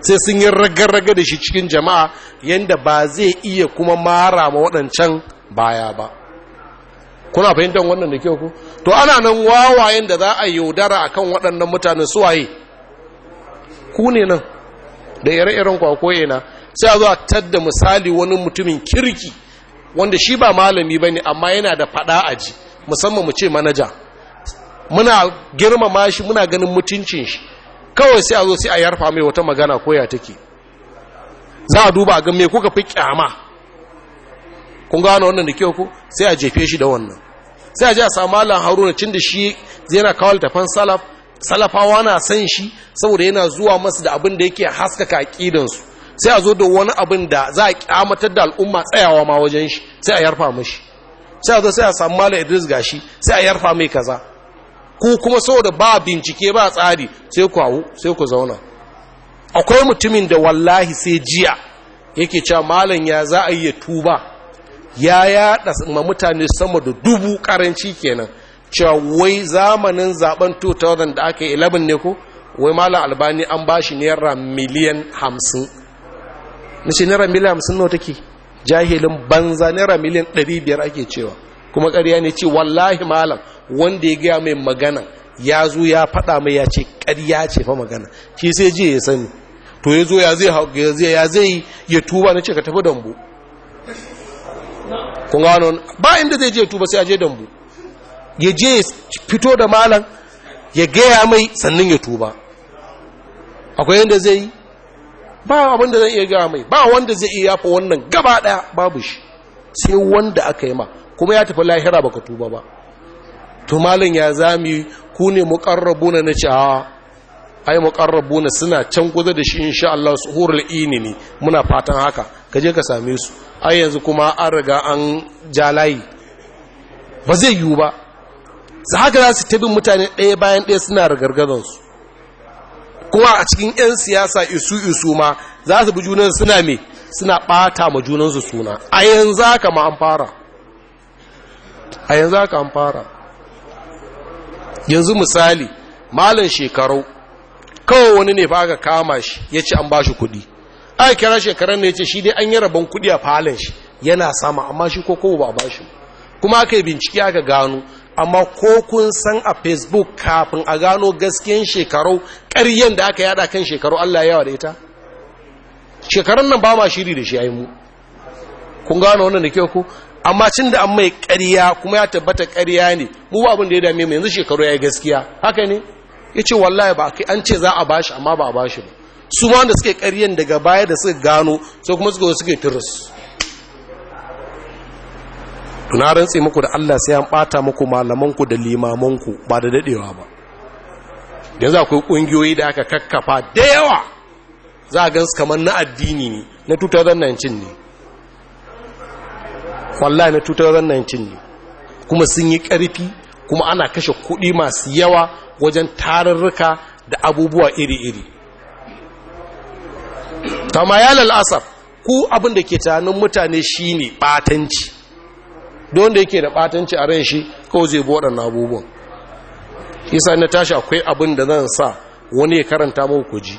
sai sun yi ragarraga da shi cikin jama'a yanda ba zai iya kuma mara ma waɗancan baya ba kuna fahimtar wannan da kyau ku to ana nan wawayen da za a yaudara a kan waɗannan mutane su waye ku ne nan da ire-iren kwakwoye na sai a zo a tadda misali wani mutumin kirki wanda shi ba malami ba ne amma yana da fada a ji musamman mu ce manaja muna girmama shi muna ganin mutuncin shi kawai sai a zo sai a yarfa mai wata magana koya take za a duba ga me kuka fi kyama kun gano wannan da kyau ku sai a jefe shi da wannan sai a ji a samu malam haruna cin da shi yana kawo littafan salaf salafawa na san shi saboda yana zuwa masu da abin da yake haskaka su. sai a zo da wani abin da za a kyamatar da al'umma tsayawa ma wajen shi sai a yarfa mashi sai a zo sai a samu mala idris gashi sai a yarfa mai kaza ko kuma saboda ba bincike ba tsari sai ku hau sai ku zauna akwai mutumin da wallahi sai jiya yake cewa malam ya za a yi tuba ya yaɗa ma mutane sama da dubu karanci kenan cewa wai zamanin zaben 2000 da aka yi 11 ne ko wai malam albani an ba shi naira miliyan hamsin na ce naira miliyan hamsin nawa take jahilin banza naira miliyan ɗari biyar ake cewa kuma ƙarya ne ce wallahi malam wanda ya gaya mai magana ya zo ya faɗa mai ya ce ƙarya ce fa magana shi sai je ya sani to ya zo ya zai ya zai ya tuba na ce ka tafi dambu kun gano ba inda zai je ya tuba sai ya je dambu ya je ya fito da malam ya gaya mai sannan ya tuba akwai yadda zai yi ba abin da zan iya gaya mai ba wanda zai iya yafa wannan gaba ɗaya babu shi sai wanda aka yi ma kuma ya tafi lahira baka tuba ba to malin ya zami ku ne muqarrabuna na ce a ai muqarrabuna suna can kusa da shi insha Allah suhurul ne muna fatan haka ka je ka same su ai yanzu kuma an riga an ja layi ba zai yiwu ba za haka za su tabin mutane ɗaya bayan ɗaya suna su kowa a cikin 'yan siyasa isu isu ma za su bi junan suna me suna ɓata ma junansu suna a yanzu haka ma an fara a yanzu haka an fara yanzu misali malin shekaru, kawai wani ne fa kama shi ya ce an ba shi kuɗi aka kira shekarar ne ya ce shi dai an yi rabon kuɗi a falin shi yana sama amma shi ko kowa ba ba shi kuma aka yi bincike aka gano amma ko kun san a facebook kafin a gano gaskiyan shekaru ƙaryen da aka yada kan shekaru allah yawa da ita shekarun nan ba ma shiri da shi yi mu kun gano wannan da kyau ku amma cin da an mai ƙarya kuma ya tabbata ƙarya ne mu ba abin da ya dame mu yanzu shekaru ya yi gaskiya haka ne ya ce wallahi ba an ce za a bashi amma ba a shi ba su ma wanda suke ƙaryen daga baya da suka gano sai kuma suka suke turus na rantse muku da Allah sai an bata muku malamanku da limamanku ba da dadewa ba yanzu akwai kungiyoyi da aka kakkafa da yawa za a gansu kamar na addini ne na 2019 ne wallahi na 2019 ne kuma sun yi karfi kuma ana kashe kuɗi masu yawa wajen tarurruka da abubuwa iri-iri tamayalar al'asar ku abin da ke tanin mutane shine batanci don da yake da batanci a ran shi ko zai bi waɗannan abubuwan isa na tashi akwai abin da zan sa wani ya karanta maku ku ji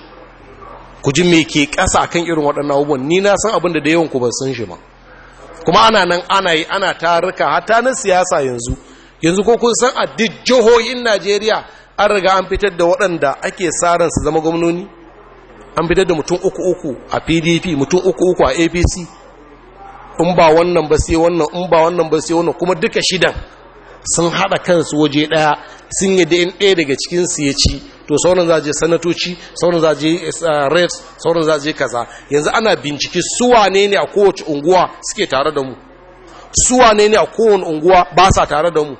ku ji mai ke ƙasa kan irin waɗannan abubuwan ni na san abin da da yawan ku ban san shi ba kuma ana nan ana yi ana taruka hata na siyasa yanzu yanzu ko kun san a duk jihohin najeriya an riga an fitar da waɗanda ake tsarin su zama gwamnoni an fitar da mutum uku uku a pdp mutum uku uku a apc in ba wannan ba sai wannan in ba wannan ba sai wannan kuma duka shidan sun hada kansu waje daya sun yi da ɗaya daga cikinsu ya ci to sauran za je sanatoci sauran za je eh, reds sauran za je kaza yanzu ana bincike su wane ne a kowace unguwa suke tare da mu su wane ne a kowane unguwa ba sa tare da mu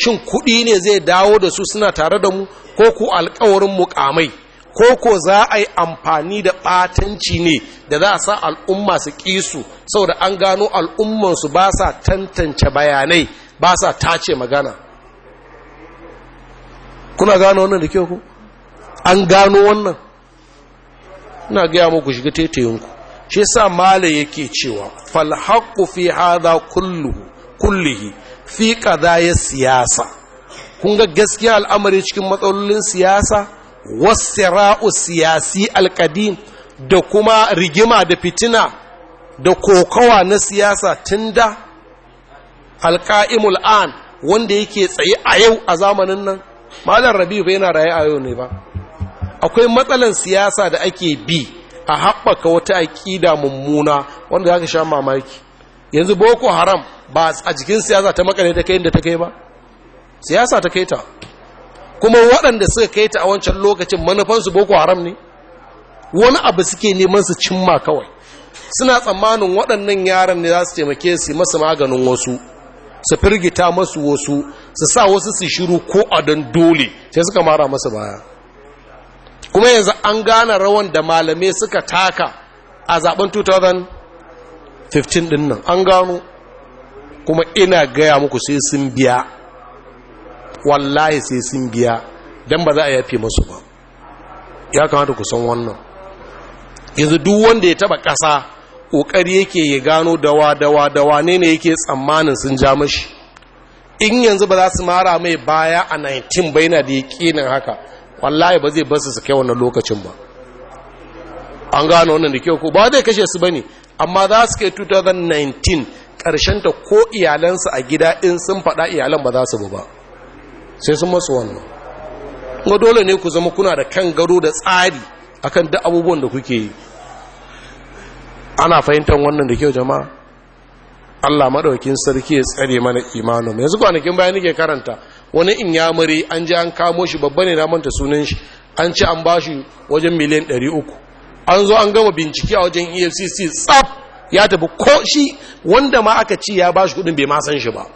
shin kuɗi ne zai dawo da su suna tare da mu ko ku alkawarin mukamai ko ko za a yi amfani da ɓatanci ne da za a sa al'umma su kisu su saboda an gano al'ummansu ba sa tantance bayanai ba sa tace magana kuna gano wannan da kyau ku an gano wannan ina gaya muku shiga taitayinku shi sa male yake cewa falhaku fi hada kullihi fi ƙadayar siyasa kun ga gaskiya al'amari cikin matsalolin siyasa wasira'u siyasi alkadim da kuma rigima da fitina da kokawa na siyasa tun da alka'imul an wanda yake tsaye a yau a zamanin nan malar rabi bai yana raye a yau ne ba akwai matsalan siyasa da ake bi a haɓaka wata aƙida mummuna wanda za ka sha mamaki yanzu boko haram ba a jikin siyasa ta makare ta kai inda ta kai ba siyasa ta kai ta kuma waɗanda suka kai ta a wancan lokacin manufansu boko haram ne wani abu suke neman su cimma kawai suna tsammanin waɗannan yaran ne za su taimake su masu maganin wasu su firgita masu wasu su sa wasu su shiru ko a don dole sai suka mara masu baya kuma yanzu an gane rawan da malamai suka taka a zaben 2015 din nan an gano kuma ina gaya muku sai sun biya wallahi sai sun biya don ba za a yafe masu ba ya kamata ku san wannan yanzu duk wanda ya taba ƙasa ƙoƙari yake ya gano dawa dawa dawa ne ne yake tsammanin sun ja mashi in yanzu ba za su mara mai baya a 19 bai na da ya ƙinin haka wallahi ba zai ba su kai wannan lokacin ba an gano wannan da kyau ko ba zai kashe su ne amma za su kai 2019 karshen ta ko iyalansu a gida in sun faɗa iyalan ba za su ba sai sun masu wannan kuma dole ne ku zama kuna da kan gado da tsari akan duk abubuwan da kuke yi ana fahimtar wannan da kyau jama'a Allah madaukin sarki ya tsare mana mai yanzu kwanakin bayan nake karanta wani in ya mari an ji an kamo shi babba ne na manta sunan shi an ci an bashi wajen miliyan 300 an zo an gama bincike a wajen EFCC tsaf ya tafi ko shi wanda ma aka ci ya bashi kudin bai masan shi ba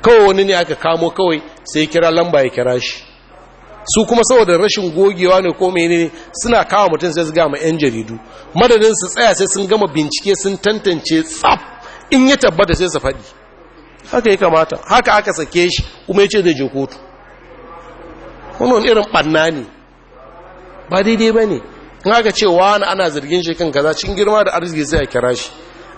kawai wani ne aka kamo kawai sai kira lamba ya kira shi su kuma saboda rashin gogewa ne ko ne suna kawo mutum sai su gama 'yan jaridu madadin su tsaya sai sun gama bincike sun tantance tsaf in ya tabbata sai su faɗi haka ya kamata haka aka sake shi kuma ya ce zai je kotu Wani irin ɓanna ne ba daidai ba ne in aka ce wani ana zargin shi kan kaza cikin girma da arziki sai a kira shi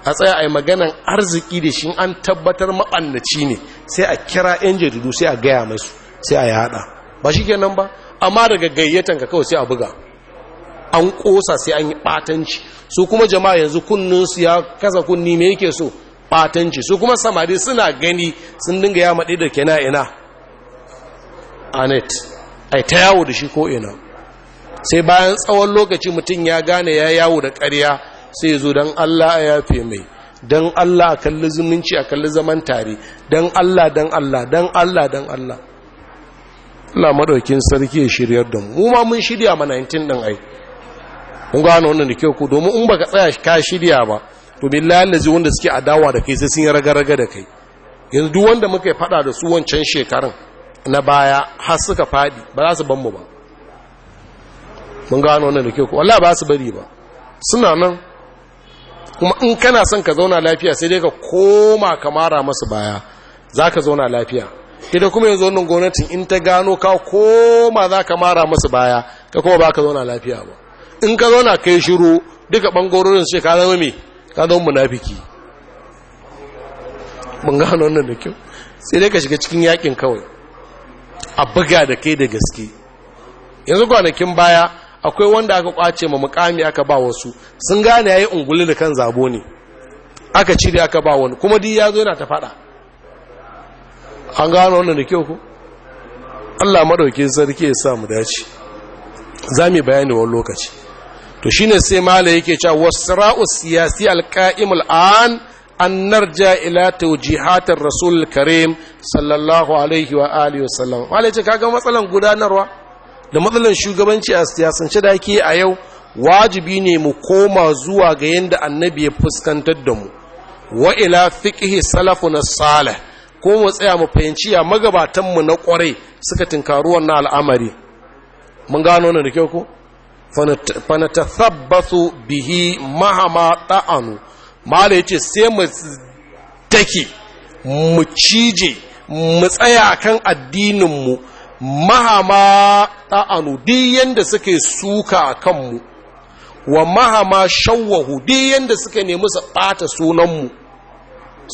a tsaya a yi maganan arziki da shi an tabbatar maɓannaci ne sai a kira 'yan jaridu sai a gaya mai su sai a yada ba shi kenan ba amma daga gayyatan ka kawai sai a buga an kosa sai an yi batanci su kuma jama'a yanzu su ya kasa kunni me yake so batanci su kuma samari suna gani sun dinga ya maɗi da kena ina anet ai ta yawo da shi ko ina sai bayan tsawon lokaci mutum ya gane ya yawo da ƙarya sai zo don allah a yafe mai don Allah a kalli zumunci a kalli zaman tare don Allah don Allah don Allah don Allah Allah madaukin sarki ya shiryar da mu ma mun shirya ma 19 din ai Mun gano wannan da kyau ku domin in baka tsaya ka shirya ba to billahi allazi wanda suke adawa da kai sai sun yi ragaraga da kai yanzu duk wanda muka fada da su wancan shekarun na baya har suka fadi ba za su ban mu ba mun gano wannan da kyau ku wallahi ba su bari ba suna nan kuma in kana son ka zauna lafiya sai dai ka koma ka mara masu baya za ka zauna lafiya ita kuma yanzu wannan gwamnatin in ta gano ka koma za ka mara masu baya ka kuma ba ka zauna lafiya ba in ka zauna kai shiru duka ɓangarorin sai ka zama mai ka zama munafiki mun gano wannan da kyau sai dai ka shiga cikin yakin kawai a buga da kai da gaske yanzu kwanakin baya akwai wanda aka kwace ma mukami aka ba wasu sun gane yayi ungulu da kan zabo ne aka cire aka ba wani kuma duk yazo yana ta fada an gano wannan da kyau ko Allah madaukin sarki ya sa mu dace bayani wani lokaci to shine sai mala yake cewa wasra'u siyasi alqa'im al'an an narja ila tawjihatir rasul karim sallallahu alaihi wa alihi wasallam wale ce kaga matsalan gudanarwa da matsalar shugabanci a siyasance da ake a yau wajibi ne mu koma zuwa ga yadda annabi ya fuskantar da mu wa ila salafu na salih ko mu tsaya mu fahimci ya magabatan mu na ƙwarai suka tinkaru wannan al'amari mun gano ne da kyau ko fanatathabbathu bihi mahama ta'anu mala yace sai mu take mu cije mu tsaya kan addinin mu mahama ta'anu diyan da suke suka kanmu wa mahama shawwahu diyan da suke nemi su ɓata sunanmu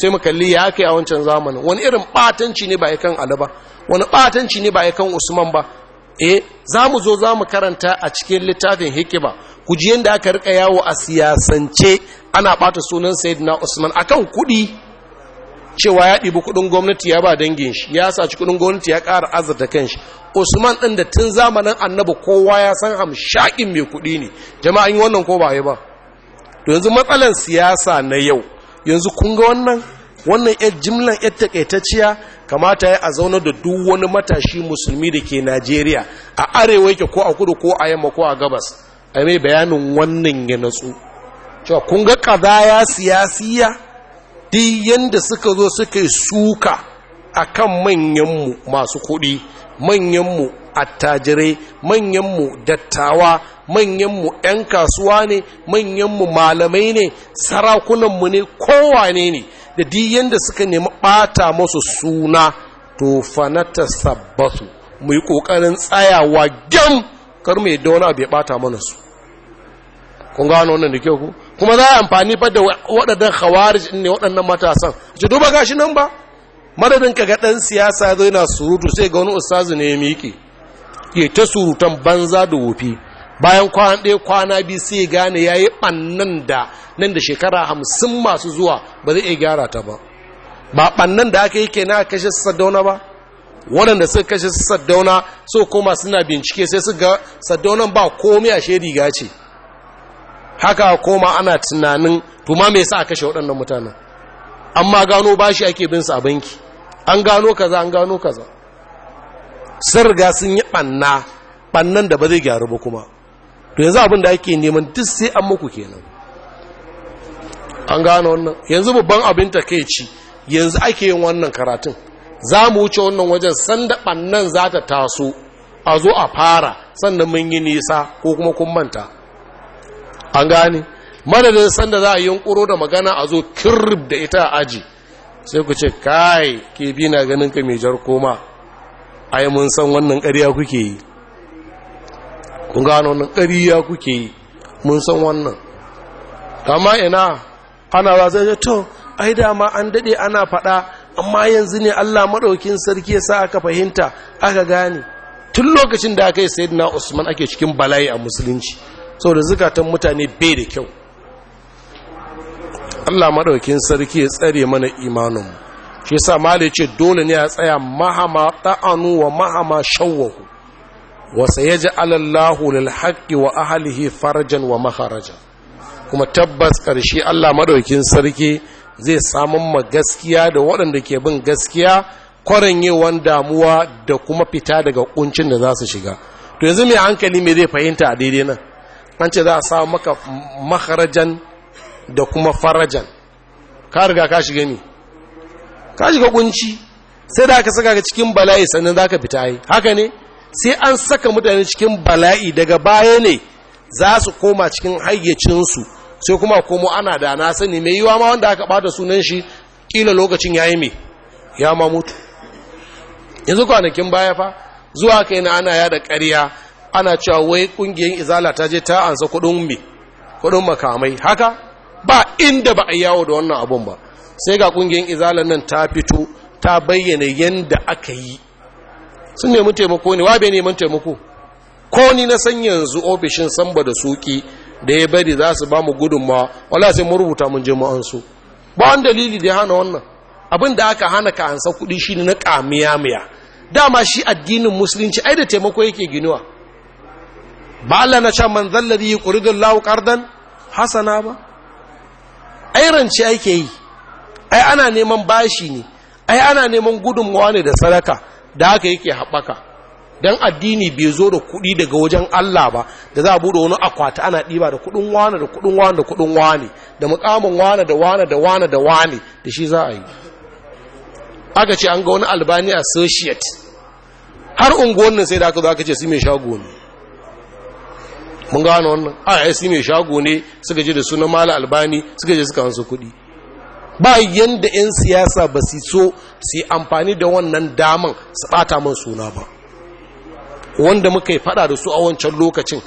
sai mu kalli ya kai a wancan zamanin wani irin ɓatanci ne ba kan Ali ba wani batanci ne ba kan Usman ba eh za mu zo za mu karanta a cikin littafin hikima ku ji yanda aka rika yawo a siyasance ana ɓata sunan sayyidina Usman akan kuɗi cewa ya ɗibi kuɗin gwamnati ya ba dangin shi ya saci kudin gwamnati ya ƙara azurta kan shi usman ɗin da tun zamanin annabi kowa ya san hamshaƙin mai kuɗi ne jama'an yi wannan ko ba yi ba to yanzu matsalan siyasa na yau yanzu kun ga wannan wannan yar jimlan yar takaitacciya kamata ya a zaunar da duk wani matashi musulmi da ke najeriya a arewa yake ko a kudu ko a yamma ko a gabas a mai bayanin wannan ya natsu cewa kun ga ƙazaya siyasiya duk yanda suka zo suka suka a kan manyanmu masu kuɗi manyanmu attajirai manyanmu dattawa manyanmu 'yan kasuwa ne manyanmu malamai ne sarakunanmu ne kowane ne da duk yanda suka nemi ɓata masu suna to fanata sabbatu mu yi ƙoƙarin tsayawa gyam kar mai da wani abu ya ɓata mana su kun gano wannan da kyau ku kuma za a amfani ba da waɗannan khawarij ne waɗannan matasan ce duba gashi nan ba madadin ka ga ɗan siyasa zai yana surutu sai ga wani ustazu ne ya yake ke ta surutan banza da wofi bayan kwana ɗaya kwana bi sai gane ya yi ɓannan da nan da shekara hamsin masu zuwa ba zai iya gyara ta ba ba ɓannan da aka yi ke na kashe saddauna ba waɗanda suka kashe saddauna so koma suna bincike sai su ga saddaunan ba komai a riga ce haka koma ana tunanin to ma me yasa a kashe waɗannan mutanen amma gano bashi ake bin su a banki an gano kaza an gano kaza sun riga sun yi ɓanna ɓannan da ba zai gyaru ba kuma to yanzu abin da ake neman duk sai an muku kenan an gano wannan yanzu babban abin ta kai ci yanzu ake yin wannan karatun za mu wuce wannan wajen sanda ɓannan za ta taso a zo a fara sannan mun yi nisa ko kuma kun manta an gane madadin sanda za a yunkuro da magana a zo kirb da ita a aji sai ku ce kai ke bi na ganin ka mai jar koma yi mun san wannan kariya kuke yi kun gano wannan kariya kuke yi mun san wannan kama ina ana ba zai to ai dama an dade ana faɗa amma yanzu ne Allah maɗaukin sarki ya sa aka fahimta aka gane tun lokacin da aka yi sayidina Usman ake cikin bala'i a musulunci saboda zukatan mutane bai da kyau Allah maɗaukin sarki ya tsare mana imanin shi sa mali ce dole ne a tsaya mahama ta'anu wa mahama shawwahu wa ya ji alallahu lalhaƙi wa ahlihi farajan wa maharaja kuma tabbas ƙarshe Allah maɗaukin sarki zai samun ma gaskiya da waɗanda ke bin gaskiya kwaranyewan damuwa da kuma fita daga ƙuncin da za su shiga to yanzu mai hankali me zai fahimta a daidai nan an ce za a samu maka maharajan da kuma farajan ka riga ka shiga mi ka shiga kunci sai da aka saka ka cikin bala'i sannan za ka fita yi haka ne sai an saka mutane cikin bala'i daga baya ne za su koma cikin hayyacinsu sai kuma komo ana da na sani mai yiwa ma wanda aka bada sunan shi kila lokacin ya yi mai ya ma yanzu kwanakin baya fa zuwa kai na ana yada ƙarya ana cewa wai kungiyar izala ta je ta ansa kudin me kudin makamai haka ba inda ba a yawo da wannan abun ba sai ga kungiyar izala nan ta fito ta bayyana yadda aka yi sun nemi taimako ne wa neman taimako ko ni na san yanzu ofishin samba da suki da ya bari za su ba mu gudunmawa wala sai mu rubuta mun je mu an ba wani dalili da ya hana wannan abin da aka hana ka ansa kuɗi shi na kamiya miya dama shi addinin musulunci ai da taimako yake ginuwa ba Allah na ce man zalladhi yuridu Allahu qardan hasana ba ai rance ake yi ai ana neman bashi ne ai ana neman gudunmawa ne da sadaka da haka yake haɓaka don addini bai zo da kuɗi daga wajen Allah ba da za a buɗe wani akwata ana ɗiba da kuɗin wane da kuɗin wane da kuɗin wane da mukamin wane da wane da wane da wane da shi za a yi aka ce an ga wani albani associate har unguwannin sai da aka zo aka ce su mai shago ne mun gano wannan a ya mai shago ne suka ji da sunan mala albani suka je suka hansu kuɗi ba yanda 'yan siyasa ba su so su amfani da wannan daman su bata man suna ba wanda muka yi fada da su a wancan lokacin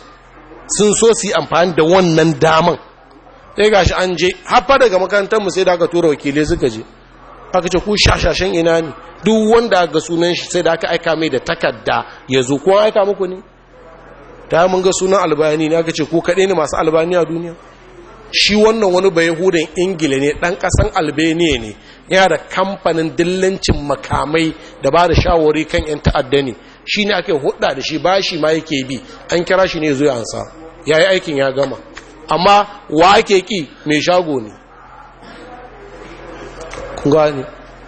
sun so su yi amfani da wannan daman ga shi an je haffa daga makarantar sai da aka tura wakilai suka je aka ce ku shashashen ina ne duk wanda ga sunan shi sai da aka aika mai da takarda ya zo ko aika muku ne Da mun ga sunan albani ne aka ce ko kaɗai ne masu albani a duniya shi wannan wani bayahudan ingila ne ɗan ƙasan albani ne yana da kamfanin dillancin makamai da ba da shawari kan 'yan ta'adda ne shi ne aka hudda da shi ba shi ma yake bi an kira shi ne zo ya ansa ya yi aikin ya gama amma wa ake ki mai shago ne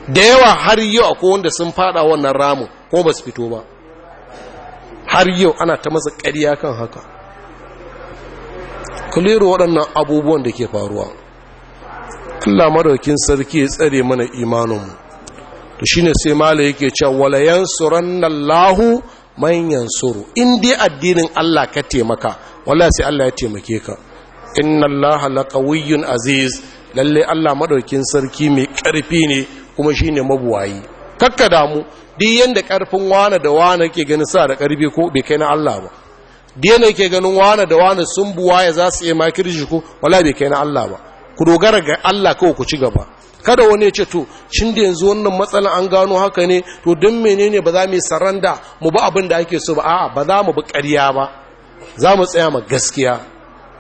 da yawa har yau akwai wanda sun fada wannan ramin ko ba su fito ba har yau ana ta masa ƙarya kan haka kuliru waɗannan abubuwan da ke faruwa allah maraukin sarki ya tsare mana imaninmu to shine sai mala yake cewa wala yansuranna lahu manyan tsoro, in dai addinin allah ka taimaka wala sai allah ya taimake ka inna allaha laqawiyyun aziz lalle allah madaukin sarki mai ƙarfi ne kuma shine mabuwayi kakka damu duk yadda karfin wane da wane ke ganin sa da karfi ko bai kai na Allah ba duk yanda ke ganin wane da wane sun ya za su iya makirji ko wala bai kai na Allah ba ku dogara ga Allah kawai ku ci gaba kada wani ya ce to shin da yanzu wannan matsala an gano haka ne to don menene ba za mu yi saranda mu bi abin da ake so ba a'a ba za mu bi karya ba za mu tsaya ma gaskiya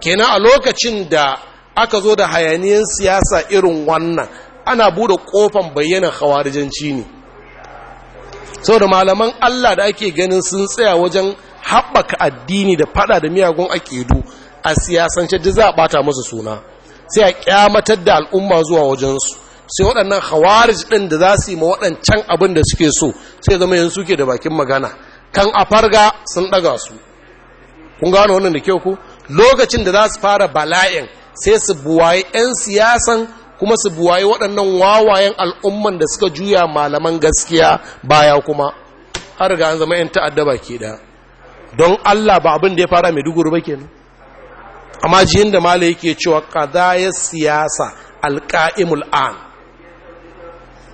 kenan a lokacin da aka zo da hayaniyan siyasa irin wannan ana bude kofan bayyana khawarijanci ne saboda malaman Allah da ake ganin sun tsaya wajen haɓaka addini da fada da miyagun aƙidu a siyasance da za a ɓata masa suna sai a kyamatar da al'umma zuwa wajensu sai waɗannan hawarij ɗin da za su yi ma waɗancan abin da suke so sai zama yin suke da bakin magana kan a farga sun ɗaga su kun gano wannan da kyau ku lokacin da za su fara bala'in sai su buwaye 'yan siyasan kuma su buwaye waɗannan wawayen al'umman da suka juya malaman gaskiya baya kuma Har ga an zama 'yan ta'adda ba ke da don Allah ba abin da ya fara mai maiduguri ba ke kenan amma yin da mala yake cewa kadaya siyasa alƙa’imul an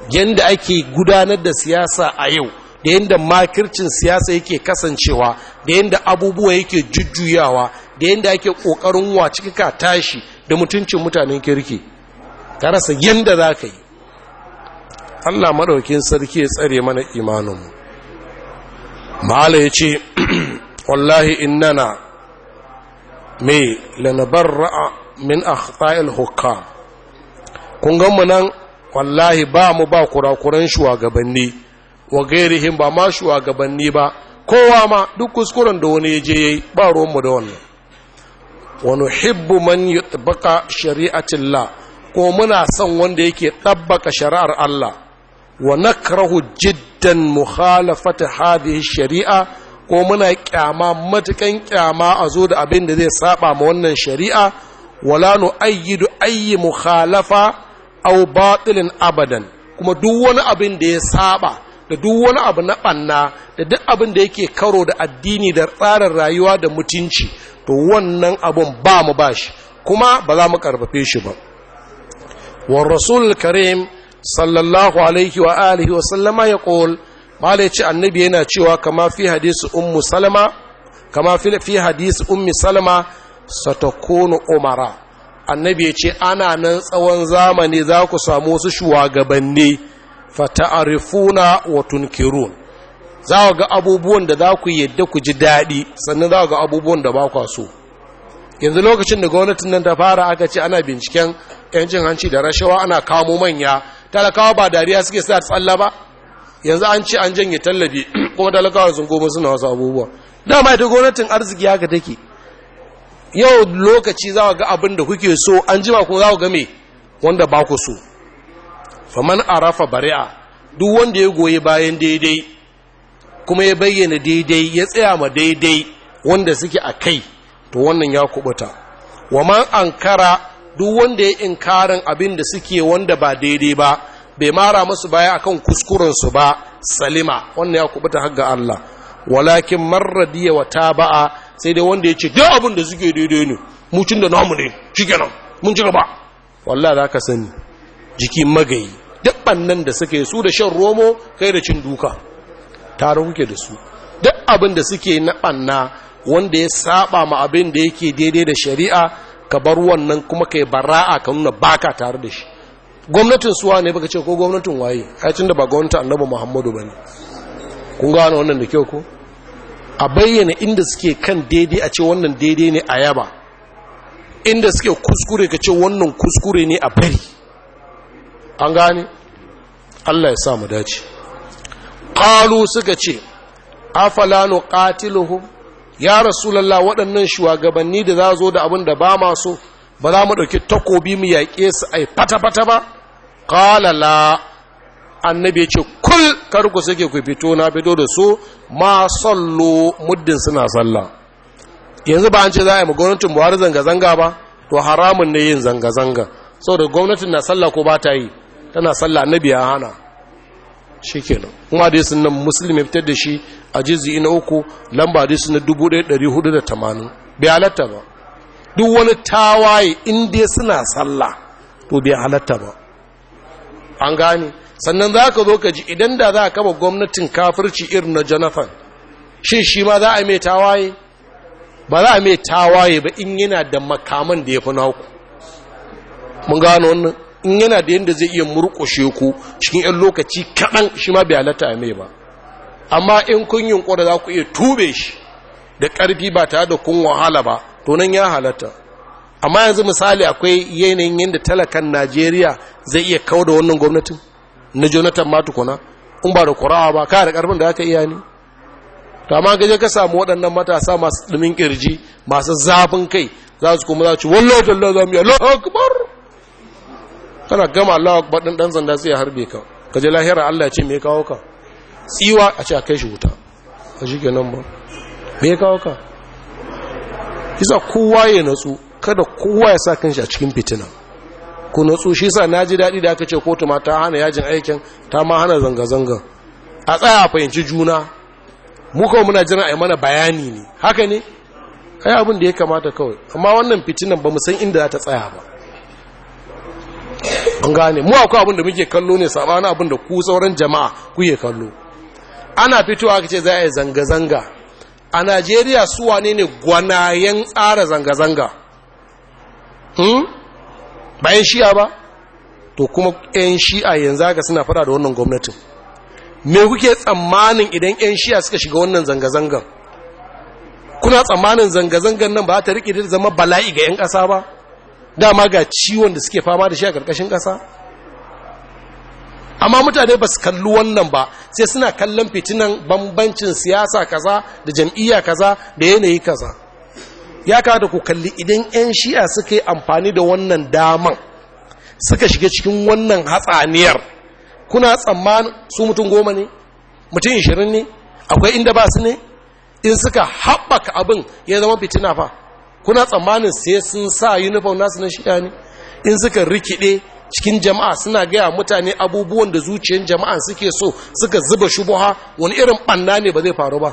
yadda ake gudanar da siyasa a yau da yadda makircin siyasa yake kasancewa da yadda abubuwa yake jujjuyawa da yadda ake ƙoƙarin wa cika tashi da mutuncin mutanen kirki ka rasa yadda za ka yi allah maɗaukin sarki ya tsare mana imaninmu ma'ala ya ce wallahi innana mai ra'a min akhta'il hukam kun mu nan wallahi ba mu ba kurakuran shugabanni wa gairihin ba ma shugabanni ba kowa ma duk kuskuren da wani ya je yayi ba ruwanmu da wannan wa nuhibbu man yutbaqa shari'atillah ko muna son wanda yake ɗabbaka shari'ar Allah wa nakrahu jiddan mukhalafata hadhihi shari'a ko muna kyama matukan kyama a zo da abin da zai saba ma wannan shari'a wala ayyidu ayyi mukhalafa aw batilin abadan kuma duk wani abin da ya saba da duk wani abu na ɓanna da duk abin da yake karo da addini da tsarin rayuwa da mutunci to wannan abun ba mu ba shi kuma ba za mu karfafe shi ba wa rasul karim sallallahu alaihi wa alihi wa sallama ya qul mala ce annabi yana cewa kama fi hadisi ummu salama kama fi hadisi ummi salama satakunu umara annabi ya ce ana nan tsawon zamani za ku samu wasu shugabanni fata'arifuna wa tunkirun za ga abubuwan da za ku yadda ku ji daɗi sannan za ga abubuwan da ba so yanzu lokacin da gwamnatin nan ta fara aka ce ana binciken 'yan jin hanci da rashawa ana kamo manya talakawa ba dariya suke sa tsalla ba yanzu an ce an janye tallafi kuma talakawa sun goma suna wasu abubuwa dama ita gwamnatin arziki haka take yau lokaci za ga abin da kuke so an jima kuma za ga me wanda ba ku so faman arafa bari'a duk wanda ya goyi bayan daidai kuma ya bayyana daidai ya tsaya ma daidai wanda suke a kai to wannan ya kubuta wa man ankara duk wanda ya inkarin abin da suke wanda ba daidai ba bai mara musu baya akan kuskurensu ba salima wannan ya kubuta har ga Allah walakin marradiya wa taba'a sai dai wanda ya ce duk abin da suke daidai ne mucin da namu ne shikenan mun ci gaba wallahi za ka sani jiki magayi duk bannan da suke su da shan romo kai da cin duka tare kuke da su duk abin da suke na banna wanda ya saba ma abin da yake daidai da shari'a ka bar wannan kuma ka yi bara'a ka nuna baka tare da shi gwamnatin suwa ne baka ce ko gwamnatin waye aicin da ba gwamnatin annabi Muhammadu bane kun gane wannan da kyau ko a bayyana inda suke kan daidai a ce wannan daidai ne a yaba inda suke kuskure ka ce wannan kuskure ne a bari an gane Allah ya sa mu dace ƙalu suka ce Afalano nuqatiluhum ya rasulallah waɗannan shugabanni da za zo da abin da ba masu ba za mu ɗauki takobi mu yaƙe su ai fata-fata ba ƙalala annabi ce kul karku suke ku fito na fito da su ma sallo muddin suna sallah yanzu ba an ce za a yi gwamnatin buhari zanga-zanga ba to haramun ne yin zanga-zanga saboda gwamnatin na sallah ko ba ta yi tana sallah annabi ya hana shikenan kuma hadisin nan muslim ya fitar da shi a jizi na uku lamba da hadisi na 1480 bai halatta ba duk wani tawaye in dai suna sallah to bai halatta ba an gane sannan za ka zo ka ji idan da za a kaba gwamnatin kafirci irin na jonathan shin shi ma za a mai tawaye ba za a mai tawaye ba in yana da makaman da ya fi naku mun gano wannan in yana da yadda zai iya murƙushe ku cikin 'yan lokaci kaɗan shi ma bai halatta a mai ba amma in kun ƙwada za ku iya tube shi da ƙarfi ba tare da kun wahala ba to nan ya halatta amma yanzu misali akwai yanayin yadda talakan najeriya zai iya kawo da wannan gwamnatin na jonathan matukuna in ba da kurawa ba ka da ƙarfin da aka iya ne to amma gaje ka samu waɗannan matasa masu ɗumin ƙirji masu zafin kai za su kuma za su ci wallo tallo za mu yi akbar kana gama Allah baɗin ɗan zanda sai ya harbe ka kaje lahira Allah ya ce me kawo ka tsiwa a ce a kai shi wuta a shi nan ba me kawo ka isa kowa ya natsu kada kowa ya sa kanshi a cikin fitina ku natsu shi sa na ji daɗi da aka ce kotu ma ta hana yajin aikin ta ma hana zanga-zanga a tsaya a fahimci juna mu kawai muna jiran a yi mana bayani ne haka ne kai abin da ya kamata kawai amma wannan fitinan ba mu san inda za ta tsaya ba an gane mu akwai abin da muke kallo ne sabani abin da ku sauran jama'a ku ke kallo ana fitowa aka ce za a yi zanga-zanga a najeriya su wane ne gwanayen tsara zanga-zanga hmm? bayan shi'a ba to kuma 'yan shi'a yanzu haka suna fada da wannan gwamnatin me kuke tsammanin idan 'yan shi'a suka shiga wannan zanga-zangan kuna tsammanin zanga-zangan nan ba ta rike da zama bala'i ga 'yan ƙasa ba dama ga ciwon da suke fama da shi a ƙarƙashin ƙasa amma mutane ba su kalli wannan ba sai suna kallon fitinan bambancin siyasa kaza da jam'iyya kaza da yanayi kaza ya da ku kalli idan 'yan shi'a suka yi amfani da wannan daman suka shiga cikin wannan hatsaniyar kuna tsammanin su mutum goma ne mutum ishirin ne akwai inda ba su ne in suka haɓaka abin ya zama fitina fa kuna tsammanin sai sun sa uniform nasu na shiya ne in suka rikide cikin jama'a suna gaya mutane abubuwan da zuciyar jama'a suke so suka zuba shubuha wani irin banna ne ba zai faru ba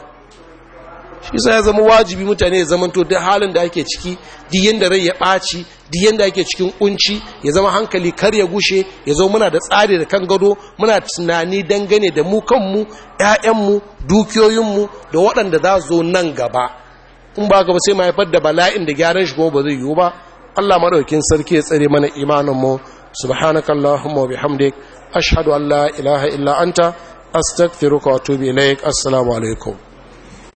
shi sai ya zama wajibi mutane ya zamanto duk halin da ake ciki duk yanda rai ya ɓaci duk yanda ake cikin kunci ya zama hankali kar ya gushe ya zo muna da tsari da kan gado muna tunani dangane da mu kanmu 'ya'yanmu dukiyoyinmu da waɗanda za zo nan gaba in ba ka ba sai ma haifar da bala'in da gyaran shi ba zai yiwu ba Allah madaukin sarki ya tsare mana imanin mu subhanakallahumma wa bihamdik ashhadu an la ilaha illa anta astaghfiruka wa atubu ilaik assalamu alaikum